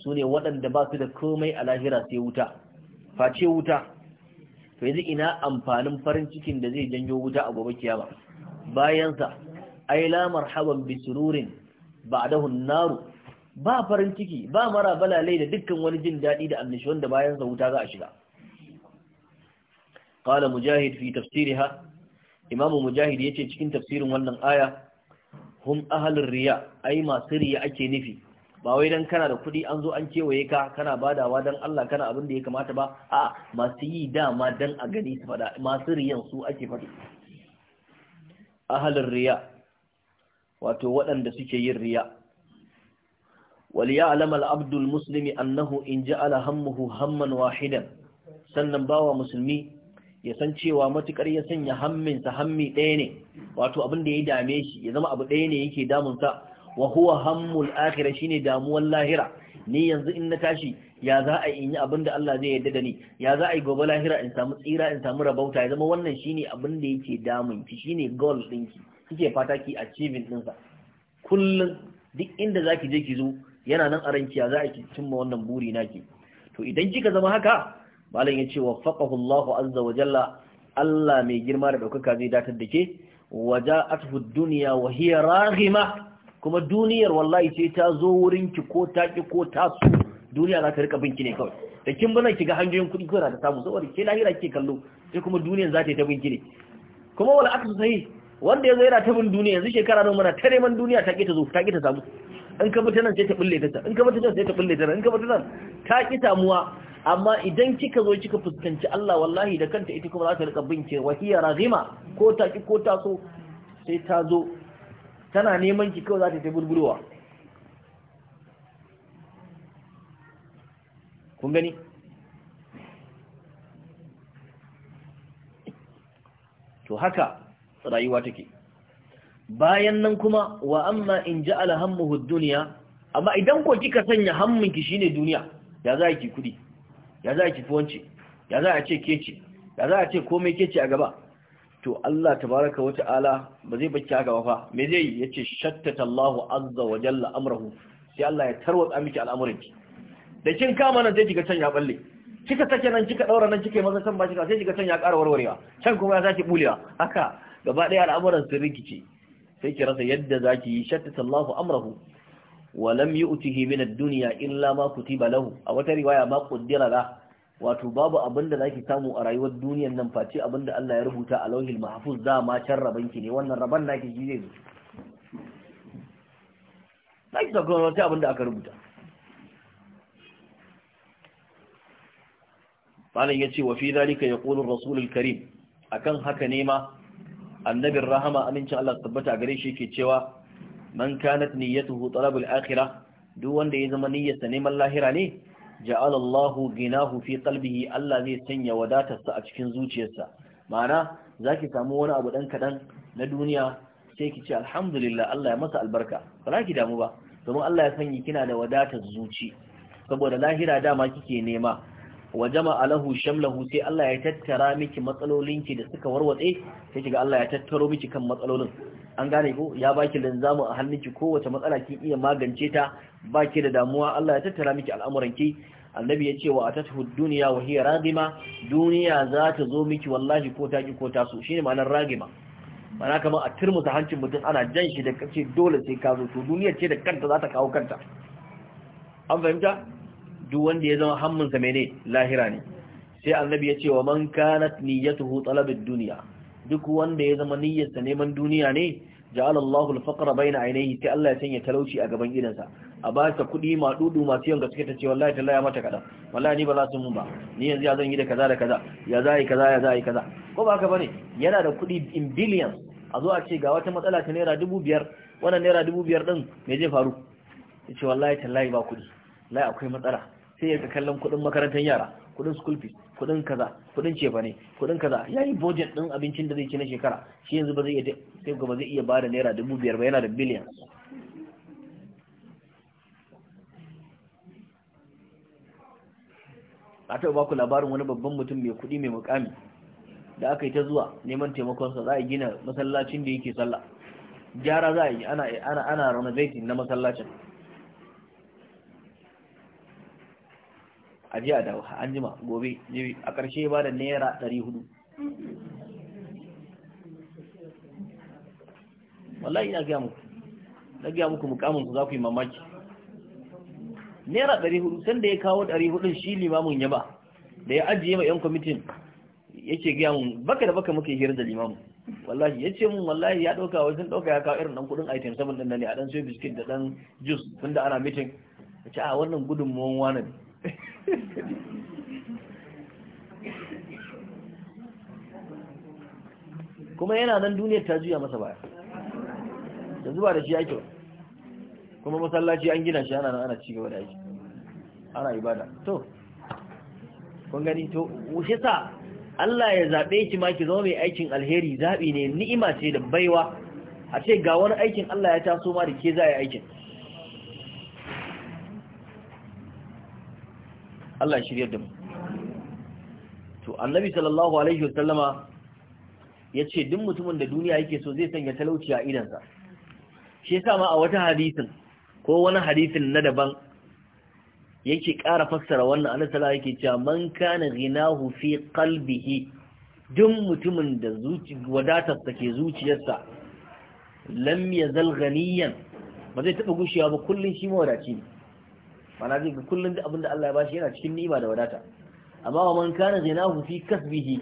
Speaker 1: sune waɗanda ba su da komai a lahira sai wuta face wuta to yanzu ina amfanin farin cikin da zai janyo wuta a gobe kiyama bayansa ai la marhaban bi sururin ba'dahu naru ba farin ciki ba mara balalai da dukkan wani jin dadi da annishi wanda bayansa wuta za a shiga qala mujahid fi tafsirha imamu mujahid yace cikin tafsirin wannan aya hum ahlur riya ai masu riya ake nufi ba wai dan kana da kuɗi an zo an kewaye ka kana badawa dan Allah kana abin da ya kamata ba a masu yi dama dan a gani su faɗa masu riyan su ake faɗi ahalin riya wato waɗanda suke yin riya وليعلم العبد annahu أنه إن جعل hammuhu hamman Wahidan, sannan bawa musulmi ya san cewa matukar ya sanya hamminsa hammi ɗaya ne wato abin da ya dame shi ya zama abu ɗaya ne yake damunsa wa huwa hammul akhira shine damuwar lahira ni yanzu in na tashi ya za a yi abinda Allah zai yarda da ni ya za a yi gobe lahira in samu tsira in samu rabauta ya zama wannan shine abin da yake damun ki shine goal ɗinki kike fata ki achieving ɗinsa kullum duk inda zaki je ki zo yana nan a ki ya za a ki cimma wannan buri naki to idan kika zama haka malam yace waffaqahu Allahu azza wa jalla Allah mai girma da daukaka zai datar da ke waja athu dunya wa hiya raghima kuma duniyar wallahi sai ta zo wurin ki ko ta ki ko ta su duniya za ta rika binki ne kawai da kin bana ki ga hanyoyin kuɗi kawai da samu saboda ke lahira ke kallo sai kuma duniyar za ta yi ta binki ne kuma wala aka sai wanda ya yana ta bin duniya yanzu shekara nan muna ta neman duniya ta ki ta zo ta ki ta samu in ka bi nan sai ta bulle ta in ka bi nan sai ta bulle ta in ka bi ta nan ta ki samuwa amma idan kika zo kika fuskanci Allah wallahi da kanta ita kuma za ta rika binke wahiya raghima ko ta ki ko ta so sai ta zo tana neman ki kawai za ta tafi burburwa kun gani to haka rayuwa take bayan nan kuma wa amma in ja'ala hammuhu dunya amma idan ko kika sanya hammin ki shine duniya ya za ki kudi ya za ki fonci ya za a ce keci ya za a ce komai keci a gaba to Allah tabaraka wa ta'ala ba zai bacci haka ba fa me zai yace shattata Allahu azza wa jalla amrahu sai Allah ya tarwatsa miki al'amuran ki da kin kama nan sai kiga can ya balle kika take nan kika daura nan kika maza can ba kika sai kiga can ya ƙara warwarewa can kuma ya saki bulewa haka gaba ɗaya al'amuran sun rikice sai ki rasa yadda zaki yi shattata Allahu amrahu wa lam yu'tihi min ad-dunya illa ma kutiba lahu a wata riwaya ma qaddara lahu wato babu abin da zaki samu a rayuwar duniyar nan face abin da Allah ya rubuta a lauhil mahfuz dama can raban ki ne wannan raban naki shi zai zo zaki sauka abin da aka rubuta malam ya ce wa fi zalika ya ƙulun rasulul karim akan haka ne ma annabin rahama amincin Allah tabbata gare shi ke cewa man kanat niyyatuhu talabul akhirah duk wanda ya zama niyyarsa neman lahira ne Ja'alallahu ginahu fi qalbihi Allah zai sanya wadatarsa a cikin zuciyarsa ma'ana zaki samu wani abu dan kadan na duniya sai ki ce alhamdulillah Allah ya masa albarka ba za ki damu ba domin Allah ya sanya kina da wadatar zuci saboda lahira dama kike nema wa jama'a lahu shamlahu sai Allah ya tattara miki matsalolinki da suka warwatse sai kiga Allah ya tattaro miki kan matsalolin an gane ko ya baki linzamu a hannunki kowace matsala kin iya magance ta baki da damuwa Allah ya tattara miki al'amuranki annabi ya ce wa atatuhu dunya wa hiya ragima duniya za ta zo miki wallahi ko ta ki ko ta so shine ma'anar ragima mana kamar a turmuta hancin mutum ana jan shi da kace dole sai ka zo to duniyar ce da kanta za ta kawo kanta an fahimta duk wanda ya zama hamminsa mene lahira ne sai annabi ya ce wa man kanat niyyatuhu talabid dunya duk wanda ya zama niyyarsa neman duniya ne ja'ala Allahu al-faqra bayna ainihi sai Allah ya sanya talauci a gaban gidansa a ba ta kudi ma dudu masu yawan gaske ta ce wallahi tallahi mata kaza wallahi ni ba za su mun ba ni yanzu ya zan yi da kaza da kaza ya za yi kaza ya za yi kaza ko ba haka bane yana da kudi in billions a zo a ce ga wata matsala ta naira dubu biyar wannan naira dubu biyar din me zai faru ya ce wallahi tallahi ba kuɗi lai akwai matsala sai ya kallon kuɗin makarantar yara kuɗin school fees kuɗin kaza kuɗin cefa ne kuɗin kaza ya yi budget din abincin da zai ci na shekara shi yanzu ba zai iya sai ba zai iya bada naira dubu biyar ba yana da biliyan a taɓa baku labarin wani babban mutum mai kuɗi mai mukami da aka yi ta zuwa neman taimakon sa za a gina masallacin da yake sallah gyara za a yi ana ana ana renovating na masallacin a jiya da wa an jima gobe jibi a ƙarshe ba da naira ɗari hudu wallahi ina gaya muku na gaya muku mukamin ku za ku yi mamaki naira ɗari hudu sanda ya kawo ɗari hudun shi limamin ya ba da ya ajiye ma 'yan kwamitin ya ce gaya mun baka da baka muke hira da Limamin. wallahi ya ce mun wallahi ya ɗauka wajen ɗauka ya kawo irin ɗan kuɗin item saman ɗan ne a ɗan sai biskit da ɗan jus da ana mitin ya ce a wannan gudunmuwan wani kuma yana nan duniyar ta juya masa baya da zuba da shi ake kuma masallaci an gina shi ana nan ana cigaba da aiki ana ibada to kun gani to wuce sa Allah ya zaɓe ki ma ki zama mai aikin alheri zaɓi ne ni'ima ce da baiwa a ce ga wani aikin Allah ya taso ma da ke za a yi aikin Allah ya shirye da mu to annabi sallallahu alaihi wasallama yace duk mutumin da duniya yake so zai sanya talauci a sa shi yasa ma a wata hadisin ko wani hadisin na daban yake ƙara fassara wannan annabi sallallahu yake cewa man kana ghinahu fi qalbihi duk mutumin da zuci wadatarsa ke zuciyarsa lam yazal ghaniyan ba zai taba gushewa ba kullun shi mawadaci ne mana zai ga kullum duk abinda Allah ya bashi yana cikin ni'ima da wadata amma wa man kana zinahu fi kasbihi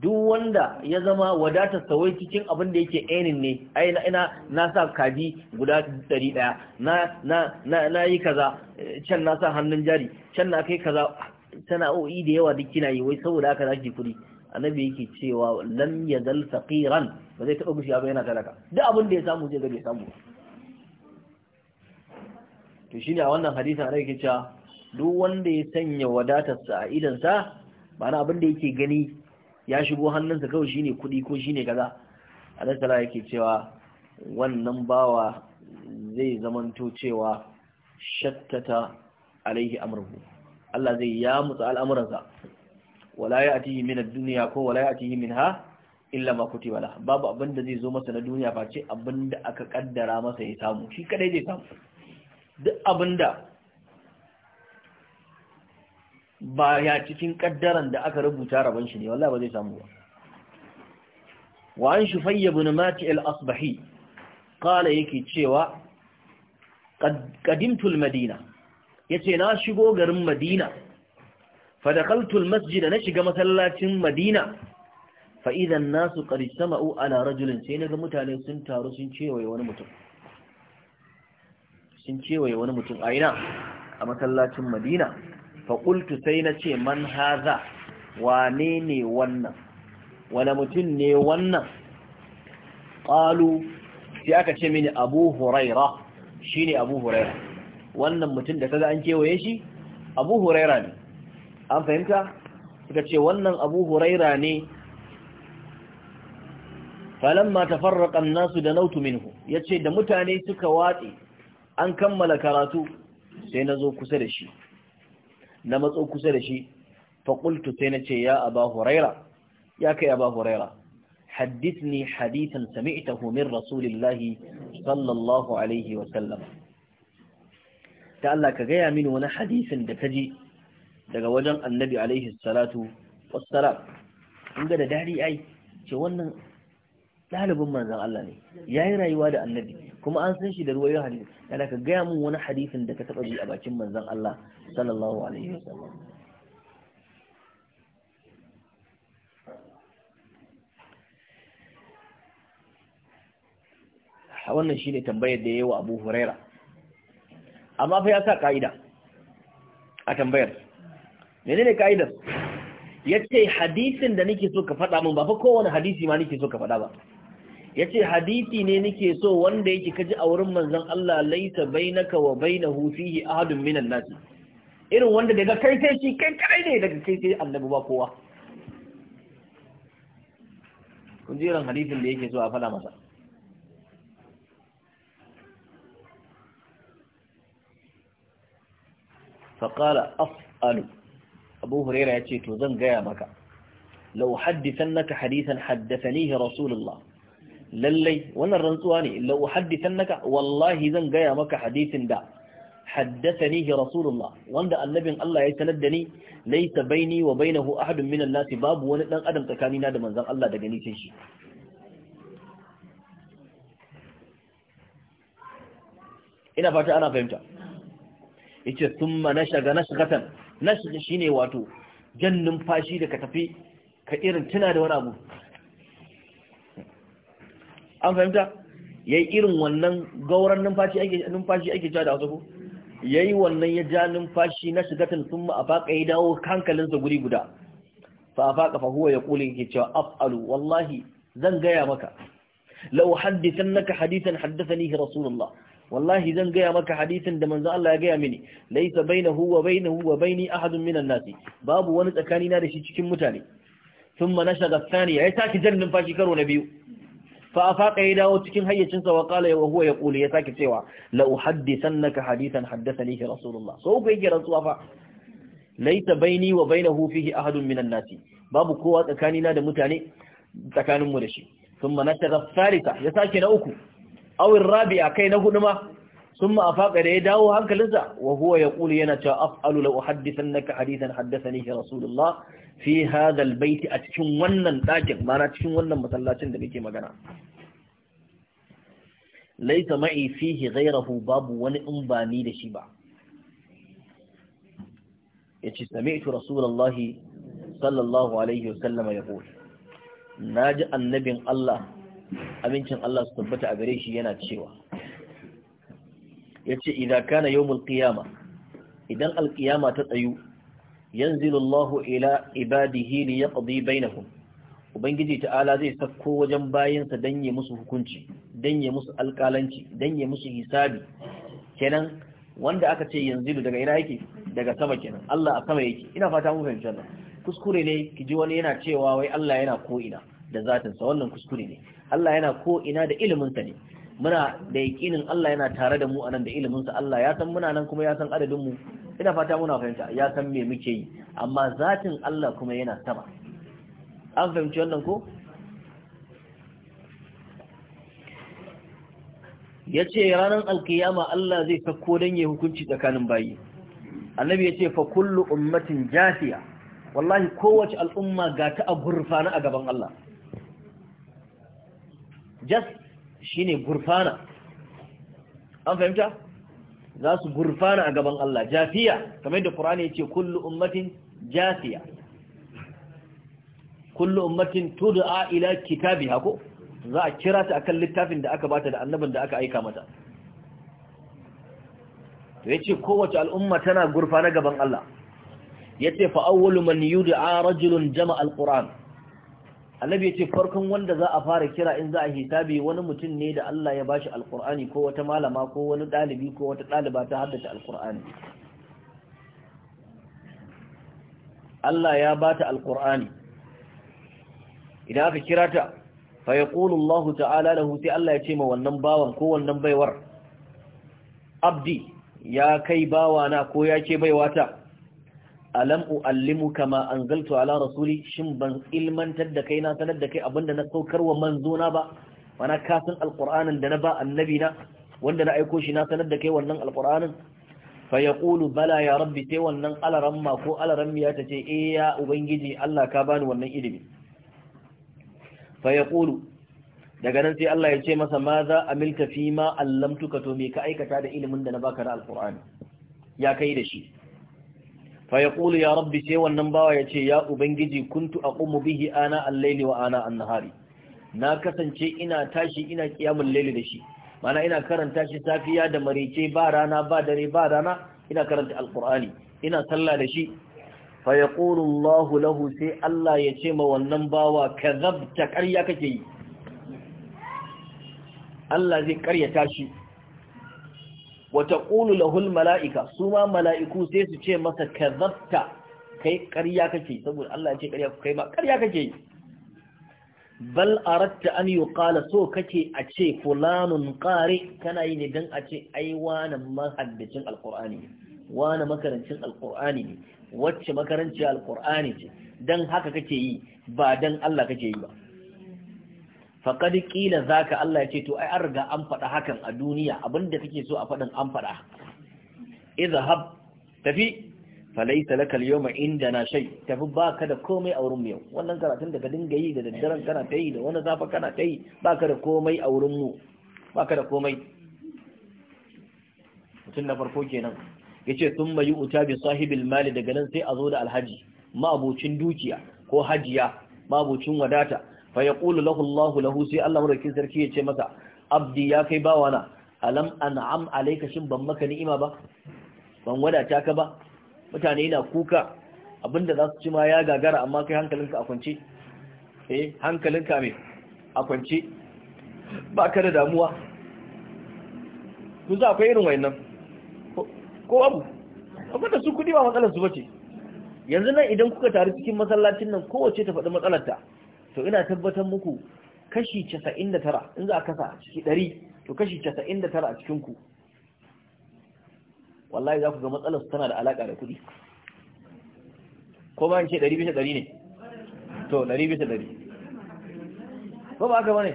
Speaker 1: duk wanda ya zama wadatar sawai cikin abin da yake ainin ne ai ina na sa kaji guda 100 na na yi kaza can na sa hannun jari can na kai kaza sana'o'i da yawa duk kina yi wai saboda haka zaki kudi annabi yake cewa lam yazal saqiran ba zai taba gushi ba yana talaka duk abin da ya samu zai ga bai samu to shine a wannan hadisin ana yake cewa duk wanda ya sanya wadatarsa a idansa na abin da yake gani ya shigo hannunsa kawai shine kuɗi ko shine kaza Allah ta'ala yake cewa wannan bawa zai zamanto cewa shattata alaihi amruhu Allah zai ya mutsa al'amuransa wala ya'tihi min ad ko wala ya'tihi minha illa ma kutiba lahu babu abin da zai zo masa na duniya face abin da aka kaddara masa ya samu shi kadai zai samu duk abinda ba ya cikin kaddaran da aka rubuta rabon shi ne wallahi ba zai samu ba wa an shufayya ibn mati al-asbahi kala yake cewa qadimtu madina yace na shigo garin madina fa dakaltu al-masjid na shiga masallacin madina fa idan nasu qad sama'u ala rajulin sai naga mutane sun taru sun cewa wani mutum sun kewaye wani mutum a ina a masallacin madina faƙultu sai na ce man haza wane ne wannan wane mutum ne wannan ƙalu sai aka ce mini abu huraira shi ne abu huraira wannan mutum da kaga an kewaye shi abu huraira ne an fahimta suka ce wannan abu huraira ne falamma tafarraqa an-nasu da nautu minhu yace da mutane suka watsi an kammala karatu sai na zo kusa da shi na matso kusa da shi faƙultu sai na ce ya aba huraira ya kai aba huraira haddithni hadithan ita min rasulillahi sallallahu alaihi wa ta Allah ka gaya mini wani hadisin da ta ji daga wajen annabi alaihi salatu wassalam inda da dadi ai ce wannan ɗalibin manzan Allah ne ya yi rayuwa da annabi kuma an san shi da ruwayo hadisi yana ka gaya mun wani hadisin da ka taba ji a bakin manzon Allah sallallahu alaihi wasallam wannan shine tambayar da yayi wa Abu Huraira amma fa ya sa kaida a tambayar menene kaidar yace hadisin da nake so ka faɗa min ba fa kowane hadisi ma nake so ka faɗa ba yace hadisi ne nake so wanda yake kaji a wurin manzon Allah laita bainaka wa bainahu fihi ahadun minan nasi irin wanda daga kai sai shi kai kai ne daga kai sai annabi ba kowa kun ji irin hadisin da yake so a fada masa faqala af'alu abu huraira yace to zan gaya maka law haddathanaka hadithan haddathanihi rasulullah lallai wannan rantsuwa ne illa uhaddithannaka wallahi zan gaya maka hadisin da haddathanihi rasulullah wanda annabin Allah ya sanar da ni laysa baini wa bainahu ahadun minan nasi babu wani dan adam tsakanina da manzon Allah daga ni shi ina fata ana fahimta yace thumma nashaga nashgatan nashg shine wato jan numfashi da ka tafi ka irin tuna da wani abu an fahimta yayi irin wannan gauran numfashi ake numfashi ake cewa da wasu ko yayi wannan ya ja numfashi na shiga tun sun a afaka ya dawo hankalinsa guri guda fa afaka fa huwa yaqulu yake cewa af'alu wallahi zan gaya maka law hadithannaka hadithan haddathanihi rasulullah wallahi zan gaya maka hadisin da manzo Allah ya gaya mini laysa bainahu wa bainahu wa baini ahadun minan nas babu wani tsakani na da shi cikin mutane thumma nashaga thani ya taki jan numfashi karo na biyu fa afaka ya dawo cikin hayyacinsa wa qala wa huwa ya sake cewa la uhaddithannaka hadithan haddathani rasulullah so uku yake rantsuwa fa laita baini wa bainahu fihi ahadun minan nasi babu kowa tsakanina da mutane tsakanin mu da shi thumma natara thalitha ya sake na uku aw rabi'a kai na hudu ma thumma afaka da ya dawo hankalinsa wa huwa yaqulu yana cewa af'alu la uhaddithannaka hadithan haddathani rasulullah fi hadal baiti a cikin wannan ɗakin mana cikin wannan masallacin da muke magana laisa ma'i fihi ghairahu babu wani in ba ni da shi ba yace sami'tu rasulullahi sallallahu alaihi wasallama yaqul naji annabin Allah amincin Allah su tabbata a gare shi yana cewa yace idza kana yawmul qiyama idan alqiyama ta tsayu ينزل الله إلى عباده ليقضي بينهم ubangiji ta'ala zai sakko wajen bayansa don ya musu hukunci don ya musu alƙalanci don ya musu hisabi kenan wanda aka ce yanzu daga ina yake daga sama kenan Allah a sama yake ina fata mun fahimci wannan kuskure ne ki ji wani yana cewa wai Allah yana ko ina da zatin sa wannan kuskure ne Allah yana ko ina da ilimin sa ne muna da yaƙinin Allah yana tare da mu anan da iliminsa Allah ya san muna nan kuma ya san adadin mu ina fata muna fahimta ya san me muke yi amma zatin Allah kuma yana sama an fahimci wannan ko ya ce ranar alkiyama Allah zai sako don ya hukunci tsakanin bayi annabi ya ce fa kullu ummatin jafiya wallahi kowace al'umma ga ta a gurfana a gaban Allah just ne gurfana an fahimta za su gurfana a gaban Allah jafiya kamar da ya ce kullu ummatin jafiya kullu ummatin a ila kitabi ko za a kira ta akan littafin da aka bata da annabin da aka aika mata ya ce kowace al'umma tana gurfana gaban Allah yace fa fa'awwalu man a rajulun jama'a Alƙur'an. annabi ya ce farkon wanda za a fara kira in za a hisabi wani mutum ne da Allah ya bashi alkur'ani ko wata malama ko wani ɗalibi ko wata ɗaliba ta haddace alkur'ani Allah ya ba ta alkur'ani idan aka kira ta fa ya Allah ta'ala da sai Allah ya ce ma wannan bawan ko wannan baiwar abdi ya kai bawana ko ya ce baiwata alam uallimu kama anzaltu ala rasuli shin ban ilmantar da kai na sanar da kai abinda na saukarwa manzo ba Wana ka alqur'anin da na ba annabi na wanda na aiko shi na sanar da kai wannan alqur'anin fa yaqulu bala ya rabbi sai wannan alaran ma ko alaran miya tace eh ya ubangiji Allah ka bani wannan ilimi fa yaqulu daga nan sai Allah ya ce masa ma za amilta fi ma allamtuka to me ka aikata da ilimin da na baka da alqur'ani ya kai da shi فيقول يا rabbi sai wannan bawa yace ya ubangiji kuntu aqumu bihi ana al-layli wa ana an-nahari na kasance ina tashi ina qiyamul layli da shi mana ina karanta shi safiya da marice ba rana ba dare ba rana ina karanta Alkur'ani. ina sallah da shi fa Allahu lahu sai Allah yace ma wannan bawa kazabta ƙarya kake yi Allah zai ƙaryata shi wata ƙulu lahul mala'ika su ma mala'iku sai su ce masa kazabta kai ƙarya kake saboda Allah ce ƙarya kai ma ƙarya kake yi bal aratta an yuqala so kake a ce fulanun qari kana yi ne dan a ce ai wani mahaddacin alqur'ani wani makarancin Alƙur'ani ne wacce makaranci Alƙur'ani ce dan haka kake yi ba dan Allah kake yi ba faqad za ka Allah ya ce to ai an riga an faɗa hakan a duniya abinda kake so a faɗin an faɗa izhab tafi falaita laka al inda na shai. tafi baka da komai a wurin mu yau wannan karatun da ka dinga yi da daddaren kana ta yi da wani zafa kana ta yi baka da komai a wurin mu baka da komai mutum na farko kenan ce sun mayu uta bi sahibil mali daga nan sai a zo da alhaji ma'abocin dukiya ko hajiya ma'abocin wadata fa yaqulu lahu Allah lahu sai Allah madaukin sarki ya ce masa abdi ya kai wana alam an am alaikashin ban maka ni'ima ba ban wadata ka ba mutane na kuka abinda za su ci ma ya gagara amma kai hankalinka a kwance eh hankalinka mai a kwance ba ka da damuwa Ku za akwai irin wayannan ko abu Abinda da su kudi ba matsalarsu ba ce. yanzu nan idan kuka taru cikin masallacin nan kowace ta faɗi matsalarta to ina tabbatar muku kashi 99 in za a kasa ciki 100 to kashi 99 a cikin ku wallahi za ku ga matsalar su tana da alaka da kuɗi ko ba ce 100 bisa 100 ne to 100 bisa 100 ko ba haka bane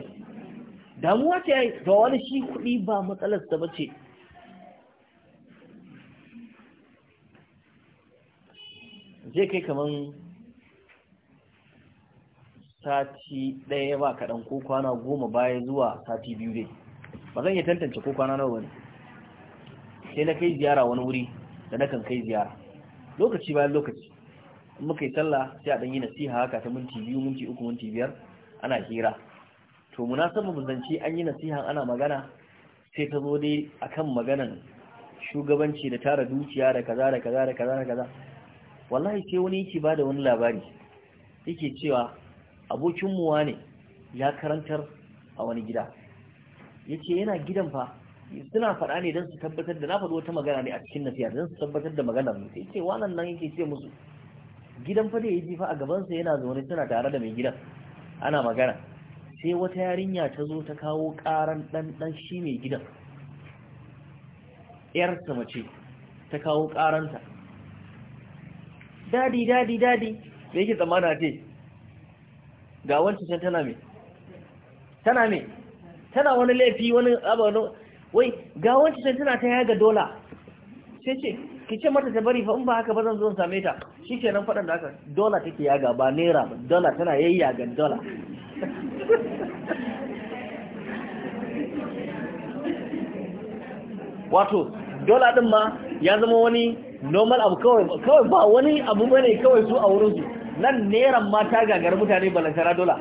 Speaker 1: damuwa ce ai ga wani shi kuɗi ba matsalar sa bace zai kai kaman sati ɗaya ba kaɗan ko kwana goma baya zuwa sati biyu dai ba zan iya tantance ko kwana nawa ne sai na kai ziyara wani wuri da na kan kai ziyara lokaci bayan lokaci in muka yi sallah sai a ɗan yi nasiha haka ta minti biyu minti uku minti biyar ana hira to munasaba mu zance an yi nasiha ana magana sai ta zo dai akan maganan shugabanci da tara dukiya da kaza da kaza da kaza da kaza wallahi sai wani yake bada wani labari yake cewa abokin muwa ne ya karantar a wani gida ya ce yana gidan fa suna faɗa ne don su tabbatar da na faɗi wata magana ne a cikin nasiya don su tabbatar da magana mu sai ce wannan nan yake ce musu gidan fa da ya ji fa a gabansa yana zaune suna tare da mai gidan ana magana sai wata yarinya ta zo ta kawo ƙaran ɗan shi mai gidan ‘yarsa mace ta kawo ƙaranta dadi dadi dadi da yake tsammana ce ga wancan can tana me tana me tana wani laifi wani abu wai ga wancan can tana ta yaga dola sai ce ki ce mata ta bari fa in ba haka ba zan zo same ta shikenan fadan da haka dola take yaga ba naira ba dola tana yayyaga dola wato dola din ma ya zama wani normal abu kawai kawai ba wani abu bane kawai su a wurin su nan neran mata gagar mutane balantana dola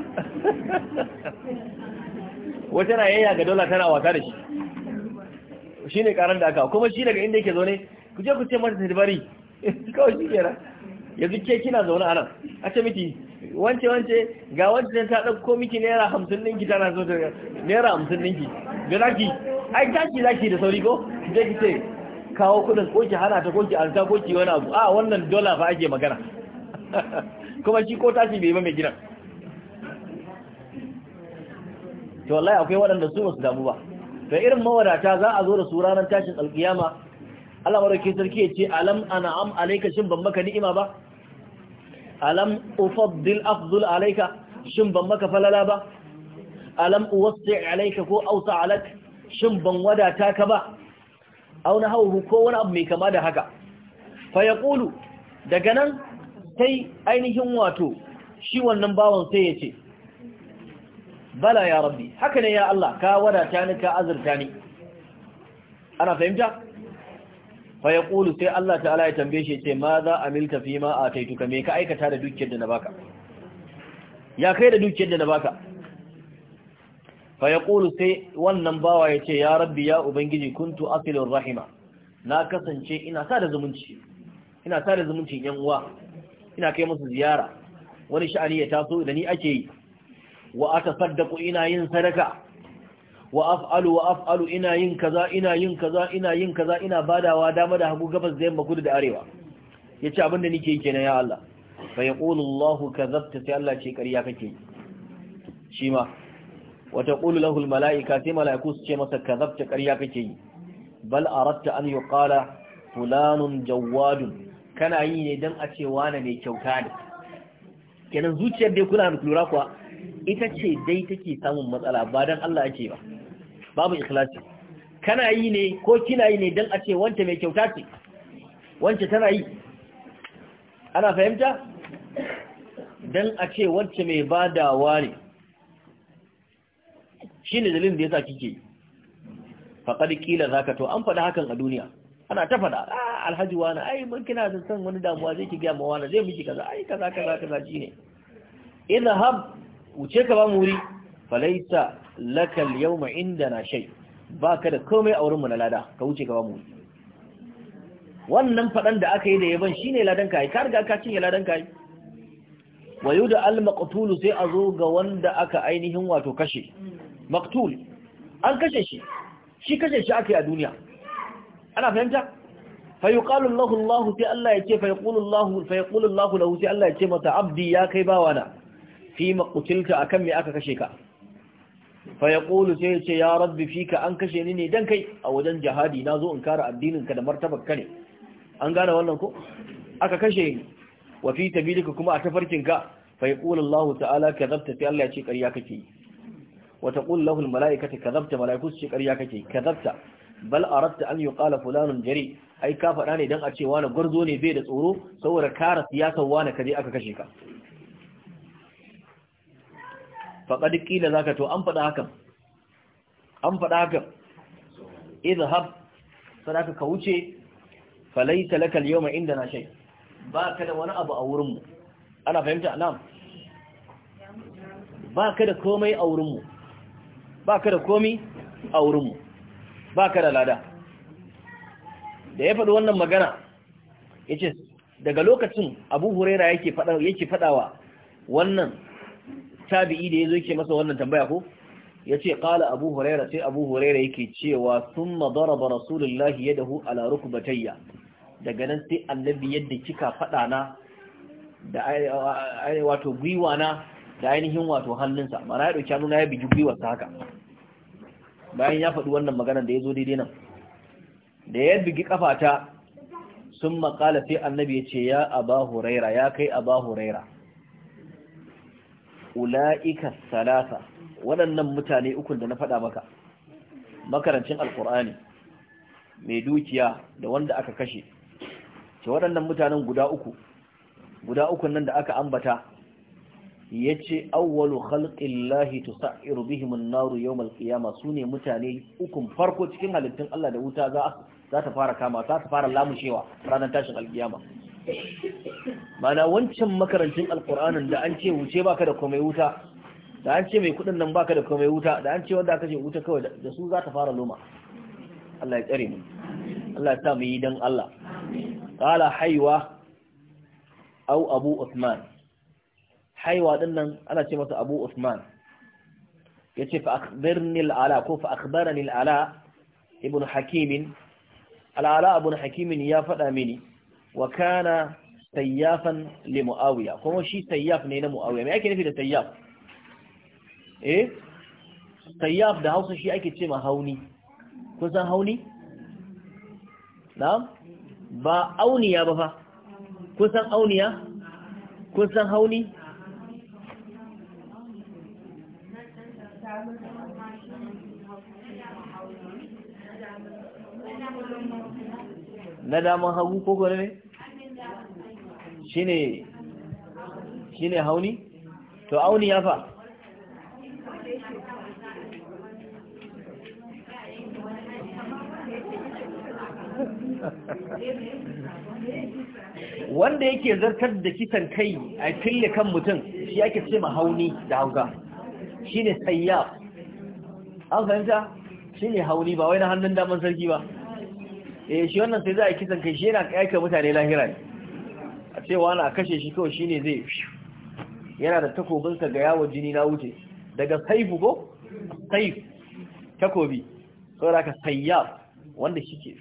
Speaker 1: wata na yayya ga dola tana wasa da shi shi ne karar da aka kuma shi daga inda yake zaune ku je ku ce mata tilbari kawai shi kera yanzu ke kina zaune a nan a ce miki wance wance ga wance ta ɗauko miki naira hamsin ɗinki tana so ta naira hamsin ɗinki ga zaki ai zaki zaki da sauri ko je ki ce kawo kuɗin ko ki hana ta ko ki alta ko ki wani abu a wannan dola fa ake magana kuma shi ko tashi bai ba mai gidan to wallahi akwai waɗanda su basu damu ba Da irin mawadata za a zo da su ranar tashin alkiyama Allah barake sarki ya ce alam ana am alayka shin ban maka ni'ima ba alam ufaddil afdul alayka shin ban maka falala ba alam uwassi alayka ko awsa alak shin ban wadata ka ba aw na hawu ko wani abu mai kama da haka fa yaqulu daga nan sai ainihin wato shi wannan bawan sai ya ce bala ya rabbi haka ne ya Allah ka wadata ni ka azurta ni ana fahimta fa ya kulu sai Allah ta'ala ya tambaye shi ce ma za a milka fi ma a taituka mai ka aikata da dukiyar da na baka ya kai da dukiyar da na baka fa ya kulu sai wannan bawa ya ce ya rabbi ya ubangiji kuntu asilin rahima na kasance ina sa da zumunci ina sa da zumuncin yan uwa ina kai musu ziyara wani sha'ani ya taso da ni ake yi wa atasaddaqu ina yin sadaka wa af'alu wa af'alu ina yin kaza ina yin kaza ina yin kaza ina badawa dama da hagu gabas da yamma kudu da arewa yace abin da nake yi kenan ya Allah fa yaqulu Allah kazabta sai Allah ce ƙarya kake yi shi ma wa taqulu lahu malaika sai malaiku su ce masa kazabta karya kake yi bal aratta an yuqala fulanun jawadun kana yi ne don a ce wane mai kyauta ne kenan zuciyar dai kuna lura kuwa ita ce dai take samun matsala ba don Allah ake ba babu ikhlasi kana yi ne ko kina yi ne don a ce wanta mai kyauta ce wance tana yi ana fahimta don a ce wance mai badawa ne shi ne dalilin da ya sa kike yi faƙar ƙila za ka to an faɗa hakan a duniya ana ta faɗa ah, alhaji wani ai mun kina da san wani damuwa zai ki gaya mawana zai miki kaza ai kaza kaza kaza ne. Ina idhab wuce ka ba mu wuri falaita lakal yawma indana shay baka da komai a wurin mu na lada ka wuce ka ba mu wuri wannan fadan da aka yi da yaban shine ladan ai ka riga ka cinye ladan ka ai da al-maqtul sai a zo ga wanda aka ainihin wato kashe maqtul an kashe shi shi kashe shi aka yi a duniya ana fahimta fayuqalu lahu Allah sai Allah ya ce fayaqulu Allah fayaqulu lahu sai Allah ya ce mata abdi ya kai bawana fi maqtilta akan me aka kashe ka fayaqulu sai ya ce ya rabbi fika an kashe ni ne dan kai a wajen jihadi nazo in kare addininka da martabarka ne an gane wannan ko aka kashe ni wa fi tabilika kuma a tafarkin ka fayaqulu ta'ala kadhabta sai Allah ya ce ƙarya kake yi وتقول له الملائكة كذبت ملائكوس شكر ياكتي كذبت بل أردت أن يقال فلان جري ai ka faɗa ne don a ce wane gwarzo ne bai da tsoro saboda kara siyasar ka kaje aka kashe ka faɗaɗi ƙila za ka to an faɗa hakan an faɗa hakan izhab sadaka ka wuce falai lakal yau mai inda na shai ba ka da wani abu a wurinmu ana fahimta nan ba ka da komai a wurinmu ba ka da komai a wurinmu ba ka da lada da ya faɗi wannan magana ya ce daga lokacin Abu Huraira yake faɗawa wannan tabi'i da zo yake masa wannan tambaya ko Ya ce ƙala Abu Huraira sai Abu Huraira yake cewa sun ba lahi ya dahu a laruku batayya daga nan sai annabi yadda kika faɗa na da ainihin wato gwiwa na da ainihin wato hannunsa mara ya ɗauki hannuna ya bigi gwiwarsa haka bayan ya faɗi wannan magana da ya zo daidai nan da ya bigi kafata sun makala sai annabi ya ce ya aba huraira ya kai aba huraira ula'ika salasa waɗannan mutane ukun da na faɗa maka makarancin alkur'ani mai dukiya da wanda aka kashe ce waɗannan mutanen guda uku guda uku nan da aka ambata ya ce awwalu khalqillahi tusa'iru bihim an-naru yawm al su sune mutane ukun farko cikin halittun Allah da wuta za za ta fara kama za ta fara lamushewa ranar tashin alkiyama mana wancan makarancin alkur'anin da an ce wuce baka da komai wuta da an ce mai kudin nan baka da komai wuta da an ce wanda aka ce wuta kawai da su za ta fara loma Allah ya tsare mu Allah ya sa mu yi dan Allah qala haywa au abu usman haiwa din nan ana ce masa abu usman yace fa akhbirni ala ko fa akhbarani ala ibn Hakimin. al'ala abu na hakimin ya faɗa mini wa kana sayyafan li mu'awiya kuma shi sayyaf ne na mu'awiya mai ake nufi da sayyaf eh sayyaf da hausa shi ake ce ma hauni kun san hauni na'am ba auniya ba fa kun san auniya kun san hauni na daman hagu ko gore ne Shi ne hauni to auni ya fa wanda yake zartar da kisan kai a fille kan mutum shi ake ce ma hauni da hauka ne sayyaf an fahimta ne hauni ba wai na hannun daman sarki ba eh shi wannan sai za a kisan kai shi yana aika mutane lahira ne a cewa ana kashe shi kawai shine zai yana da takobinsa ga yawo jini na wuce daga saifu ko saifu takobi saboda ka sayyab wanda shike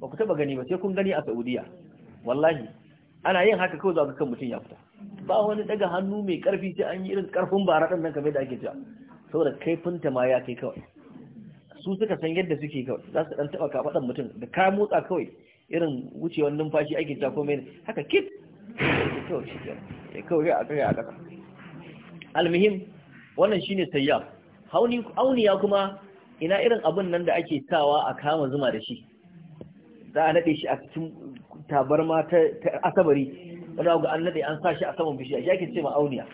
Speaker 1: ba ku taba gani ba sai kun gani a Saudiya wallahi ana yin haka kawai zaka kan mutum ya fita ba wani daga hannu mai karfi sai an yi irin karfin bara nan kamar da ake cewa saboda kaifinta ma ya kai kawai su suka san yadda suke kawai za su ɗan taɓa kafaɗan mutum da ka motsa kawai irin wucewar numfashi ake ta komai haka kit kawai shi kawai a a almuhim wannan shine sayyaf hauni auniya kuma ina irin abun nan da ake tawa a kama zuma da shi za a nade shi a cikin tabarma ta asabari wanda ga an naɗe an sa shi a saman bishiya shi ake ce ma auniya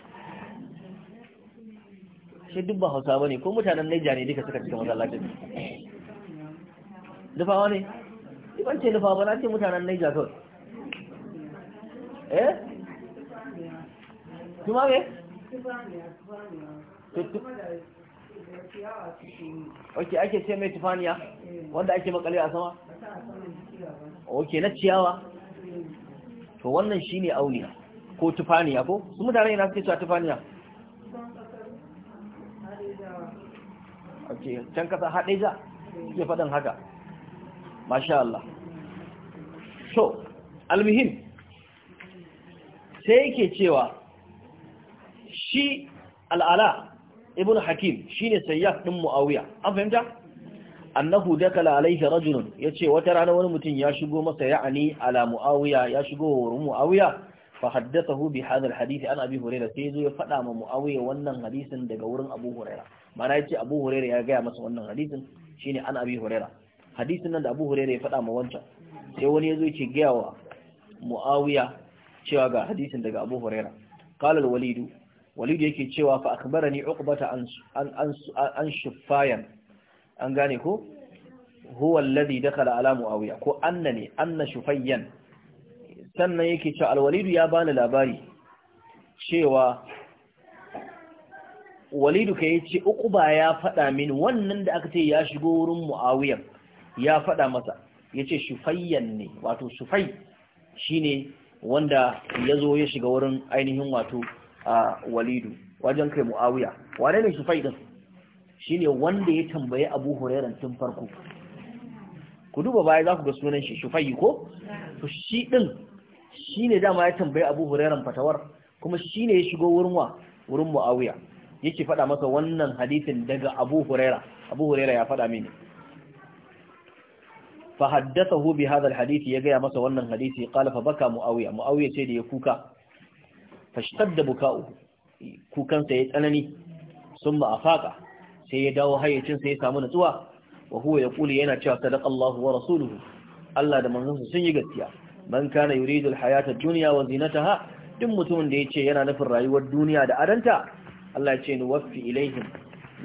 Speaker 1: sai duk ba hausa bane ko mutanen Naija ne duka suka cikin masallacin Nufawa ne? Iban ce lufawa ba na ce mutanen Naija kawai. Eh? Tuma me? Ok, ake ce mai tufaniya wanda ake makale a sama? Ok, na ciyawa. To wannan shi ne auniya ko tufaniya ko? Su mutane na suke cewa tufaniya. ake can kasa haɗeja ke faɗin haka masha Allah so almihim sai yake cewa shi al'ala ibn hakim shi ne sayyaf ɗin muawiya an fahimta annahu dakala alaihi rajulun ce wata rana wani mutum ya shigo masa ani ala muawiya ya shigo wa wurin muawiya fa haddathahu bi hadha alhadith an abi hurairah sai zo ya fada ma muawiya wannan hadisin daga wurin abu hurairah mana yace Abu Hurairah ya gaya masa wannan hadisin shine an Abi Hurairah hadisin nan da Abu Hurairah ya faɗa ma wancan sai wani yazo yace gaya wa Muawiya cewa ga hadisin daga Abu Hurairah qala al-Walid Walid yake cewa fa akbarani Uqbata an an an shuffayan an gane ko huwa alladhi dakhala ala Muawiya ko annani anna shufayyan sannan yake cewa al-Walid ya bani labari cewa walidu ka ya ce ba ya faɗa min wannan da aka ce ya shigo wurin mu'awiyar ya faɗa masa ya ce shufayyan ne wato shufai shi ne wanda ya zo ya shiga wurin ainihin wato a walidu wajen kai muawiya wane ne shufai ɗin shi ne wanda ya tambaye abu hurairan tun farko ku duba baya za ku ga sunan shi shufai ko to shi ɗin shi ne dama ya tambaye abu hurairan fatawar kuma shi ne ya shigo wurin wa wurin muawiya yake faɗa masa wannan hadisin daga Abu Huraira Abu Huraira ya faɗa mini fa haddathahu bi hadha alhadith ya gaya masa wannan hadisi qala fa baka muawiya muawiya sai da ya kuka fashtadda buka'u kukan sa ya tsanani summa afaqa sai ya dawo hayyacin sa ya samu nutsuwa wa huwa yaqulu yana cewa sadaqa Allahu wa rasuluhu Allah da manzon sun yi gaskiya man kana yuridu alhayata ad-dunya wa zinataha duk mutumin da yace yana nufin rayuwar duniya da adanta Allah ce ni waffi ilaihim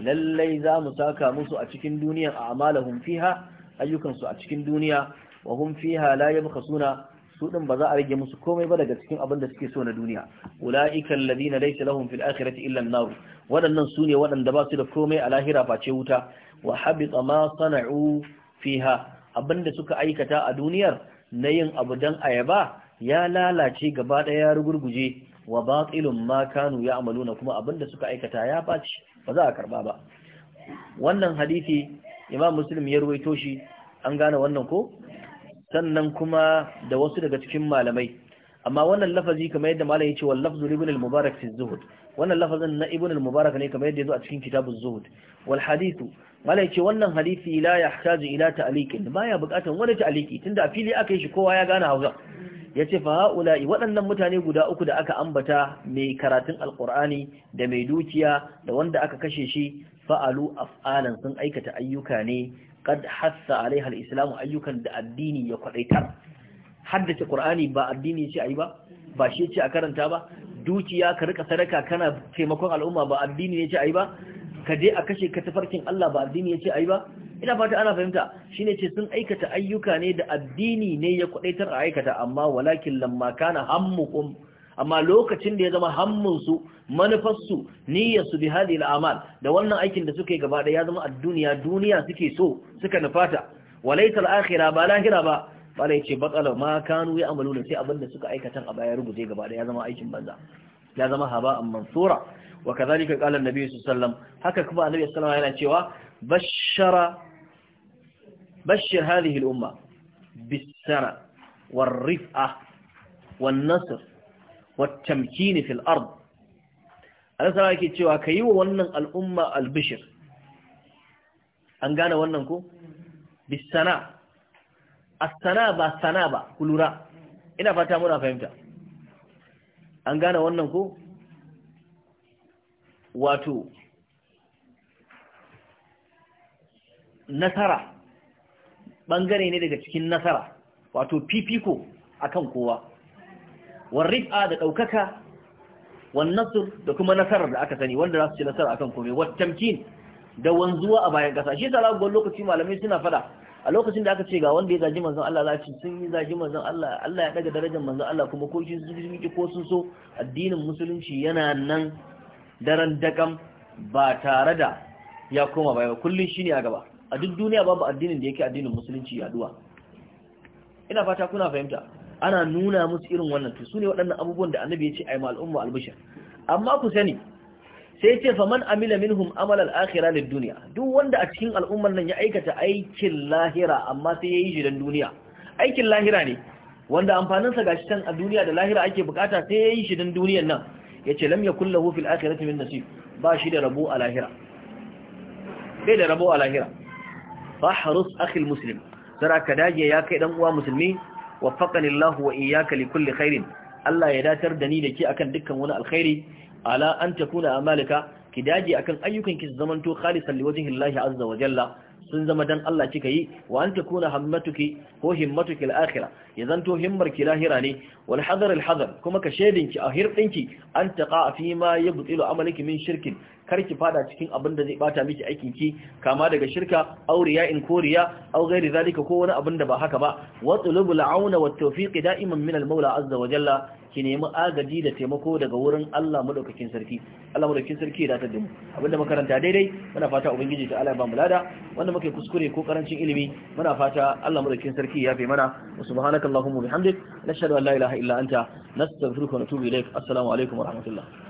Speaker 1: lallai za mu saka musu a cikin duniya a amalahum fiha ayyukansu a cikin duniya wa hum fiha la yabkhasuna su din ba za a rage musu komai ba daga cikin abin da suke so na duniya ulaika ladina laysa lahum fil akhirati illa an-nar wadannan sune wadanda ba su da komai a lahira face wuta wa habita ma sana'u fiha abinda suka aikata a duniyar na yin abu dan ayaba ya lalace gaba daya ya rugurguje wa batilun ma kanu ya'maluna kuma abinda suka aikata ya baci ba za a karba ba wannan hadisi Imam Muslim ya ruwaito shi an gane wannan ko sannan kuma da wasu daga cikin malamai amma wannan lafazi kamar yadda malam yace wal lafzu ibn al mubarak fi zuhud wannan lafazin na ibn al mubarak ne kamar yadda yazo a cikin kitabuz zuhud wal hadithu malam yace wannan hadisi la yahtaju ila ta'liqin baya buƙatar wani ta'liqi tunda a fili aka yi shi kowa ya gane Hausa ya ce fa ha'ula'i waɗannan mutane guda uku da aka ambata mai karatun alƙur'ani da mai dukiya da wanda aka kashe shi fa'alu af'alan sun aikata ayyuka ne kad hassa alaiha ayyukan da addini ya kwadaitar haddace ƙur'ani ba addini ce ayi ba ba shi ce a karanta ba dukiya ka rika sadaka kana taimakon al'umma ba addini ne ce ayi ba ka je a kashe ka tafarkin Allah ba addini yace ai ba ina fata ana fahimta shine ce sun aikata ayyuka ne da addini ne ya kudaitar a aikata amma walakin lamma kana hammukum amma lokacin da ya zama hammunsu manufarsu niyyar bi hadi al'amal da wannan aikin da suke yi gaba da ya zama ad-duniya suke so suka nufata walaysa al ba lahira ba bala yace batsala ma kanu ya'maluna sai abinda suka aikatan a baya rubuce gaba da ya zama aikin banza ya zama a mansura wa kadhalika qala an-nabi sallallahu haka kuma annabi sallallahu yana cewa bashara bashir hadhihi al-umma bis-sara war-rif'a wan-nasr wat-tamkin fil ard Allah wa wannan al'umma al an gane wannan ko bis-sana ba ba kulura ina fata fahimta an gane wannan ku? wato nasara bangare ne daga cikin nasara wato fifiko akan kowa warrifa da ɗaukaka, wa nasr da kuma nasarar da aka sani wanda za su ci nasara akan komai wat tamkin da wanzuwa a bayan kasa shi yasa lokaci malamai suna fada a lokacin da aka ce ga wanda ya zaji manzon Allah za sun yi zaji manzon Allah Allah ya daga darajar manzon Allah kuma ko shi ko sun so addinin musulunci yana nan daren dakam ba tare da ya koma baya kullun shine a gaba a duk duniya babu addinin da yake addinin musulunci yaduwa ina fata kuna fahimta ana nuna musu irin wannan to sune waɗannan abubuwan da annabi ya ce ayi al'umma albishir amma ku sani sai ce fa man amila minhum amal al-akhirah lid-dunya duk wanda a cikin al'ummar nan ya aikata aikin lahira amma sai yayi shi duniya aikin lahira ne wanda amfanin sa gashi can a duniya da lahira ake bukata sai yayi shi dan duniyar nan yace lam ya kulle fil akhirati min nasib ba shi da a lahira bai da rabo a lahira harus akil muslim sara ka dage ya kai dan uwa musulmi waffaqani Allah wa iyyaka kalli kulle khairin Allah ya datar da ni da ke akan dukkan wani alkhairi ala an takuna amalika ki dage akan ayyukan ki zamanto khalisan liwajhillahi azza wa jalla sun zama dan Allah kika yi wa an takuna hammatuki ko himmatuki al akhira ya zanto himmarki lahira ne wal hadar al hadar kuma ka shedinki a hirdinki an taqa fi ma yubtilu amaliki min shirkin kar ki fada cikin abin da zai bata miki aikin ki kama daga shirka auriya in koriya aw ghairi zalika ko wani abin da ba haka ba wa tulubul auna wat tawfiq da'iman min al-maula azza wa jalla ki nemi agaji da taimako daga wurin Allah madaukakin sarki Allah madaukakin sarki da ta dimu abinda makaranta daidai muna fata ubangiji ta Allah ba mu lada wanda muke kuskure ko karancin ilimi muna fata Allah madaukakin sarki ya fi mana subhanakallahumma bihamdik nashhadu an la ilaha illa anta nastaghfiruka wa natubu ilaik assalamu alaikum wa rahmatullah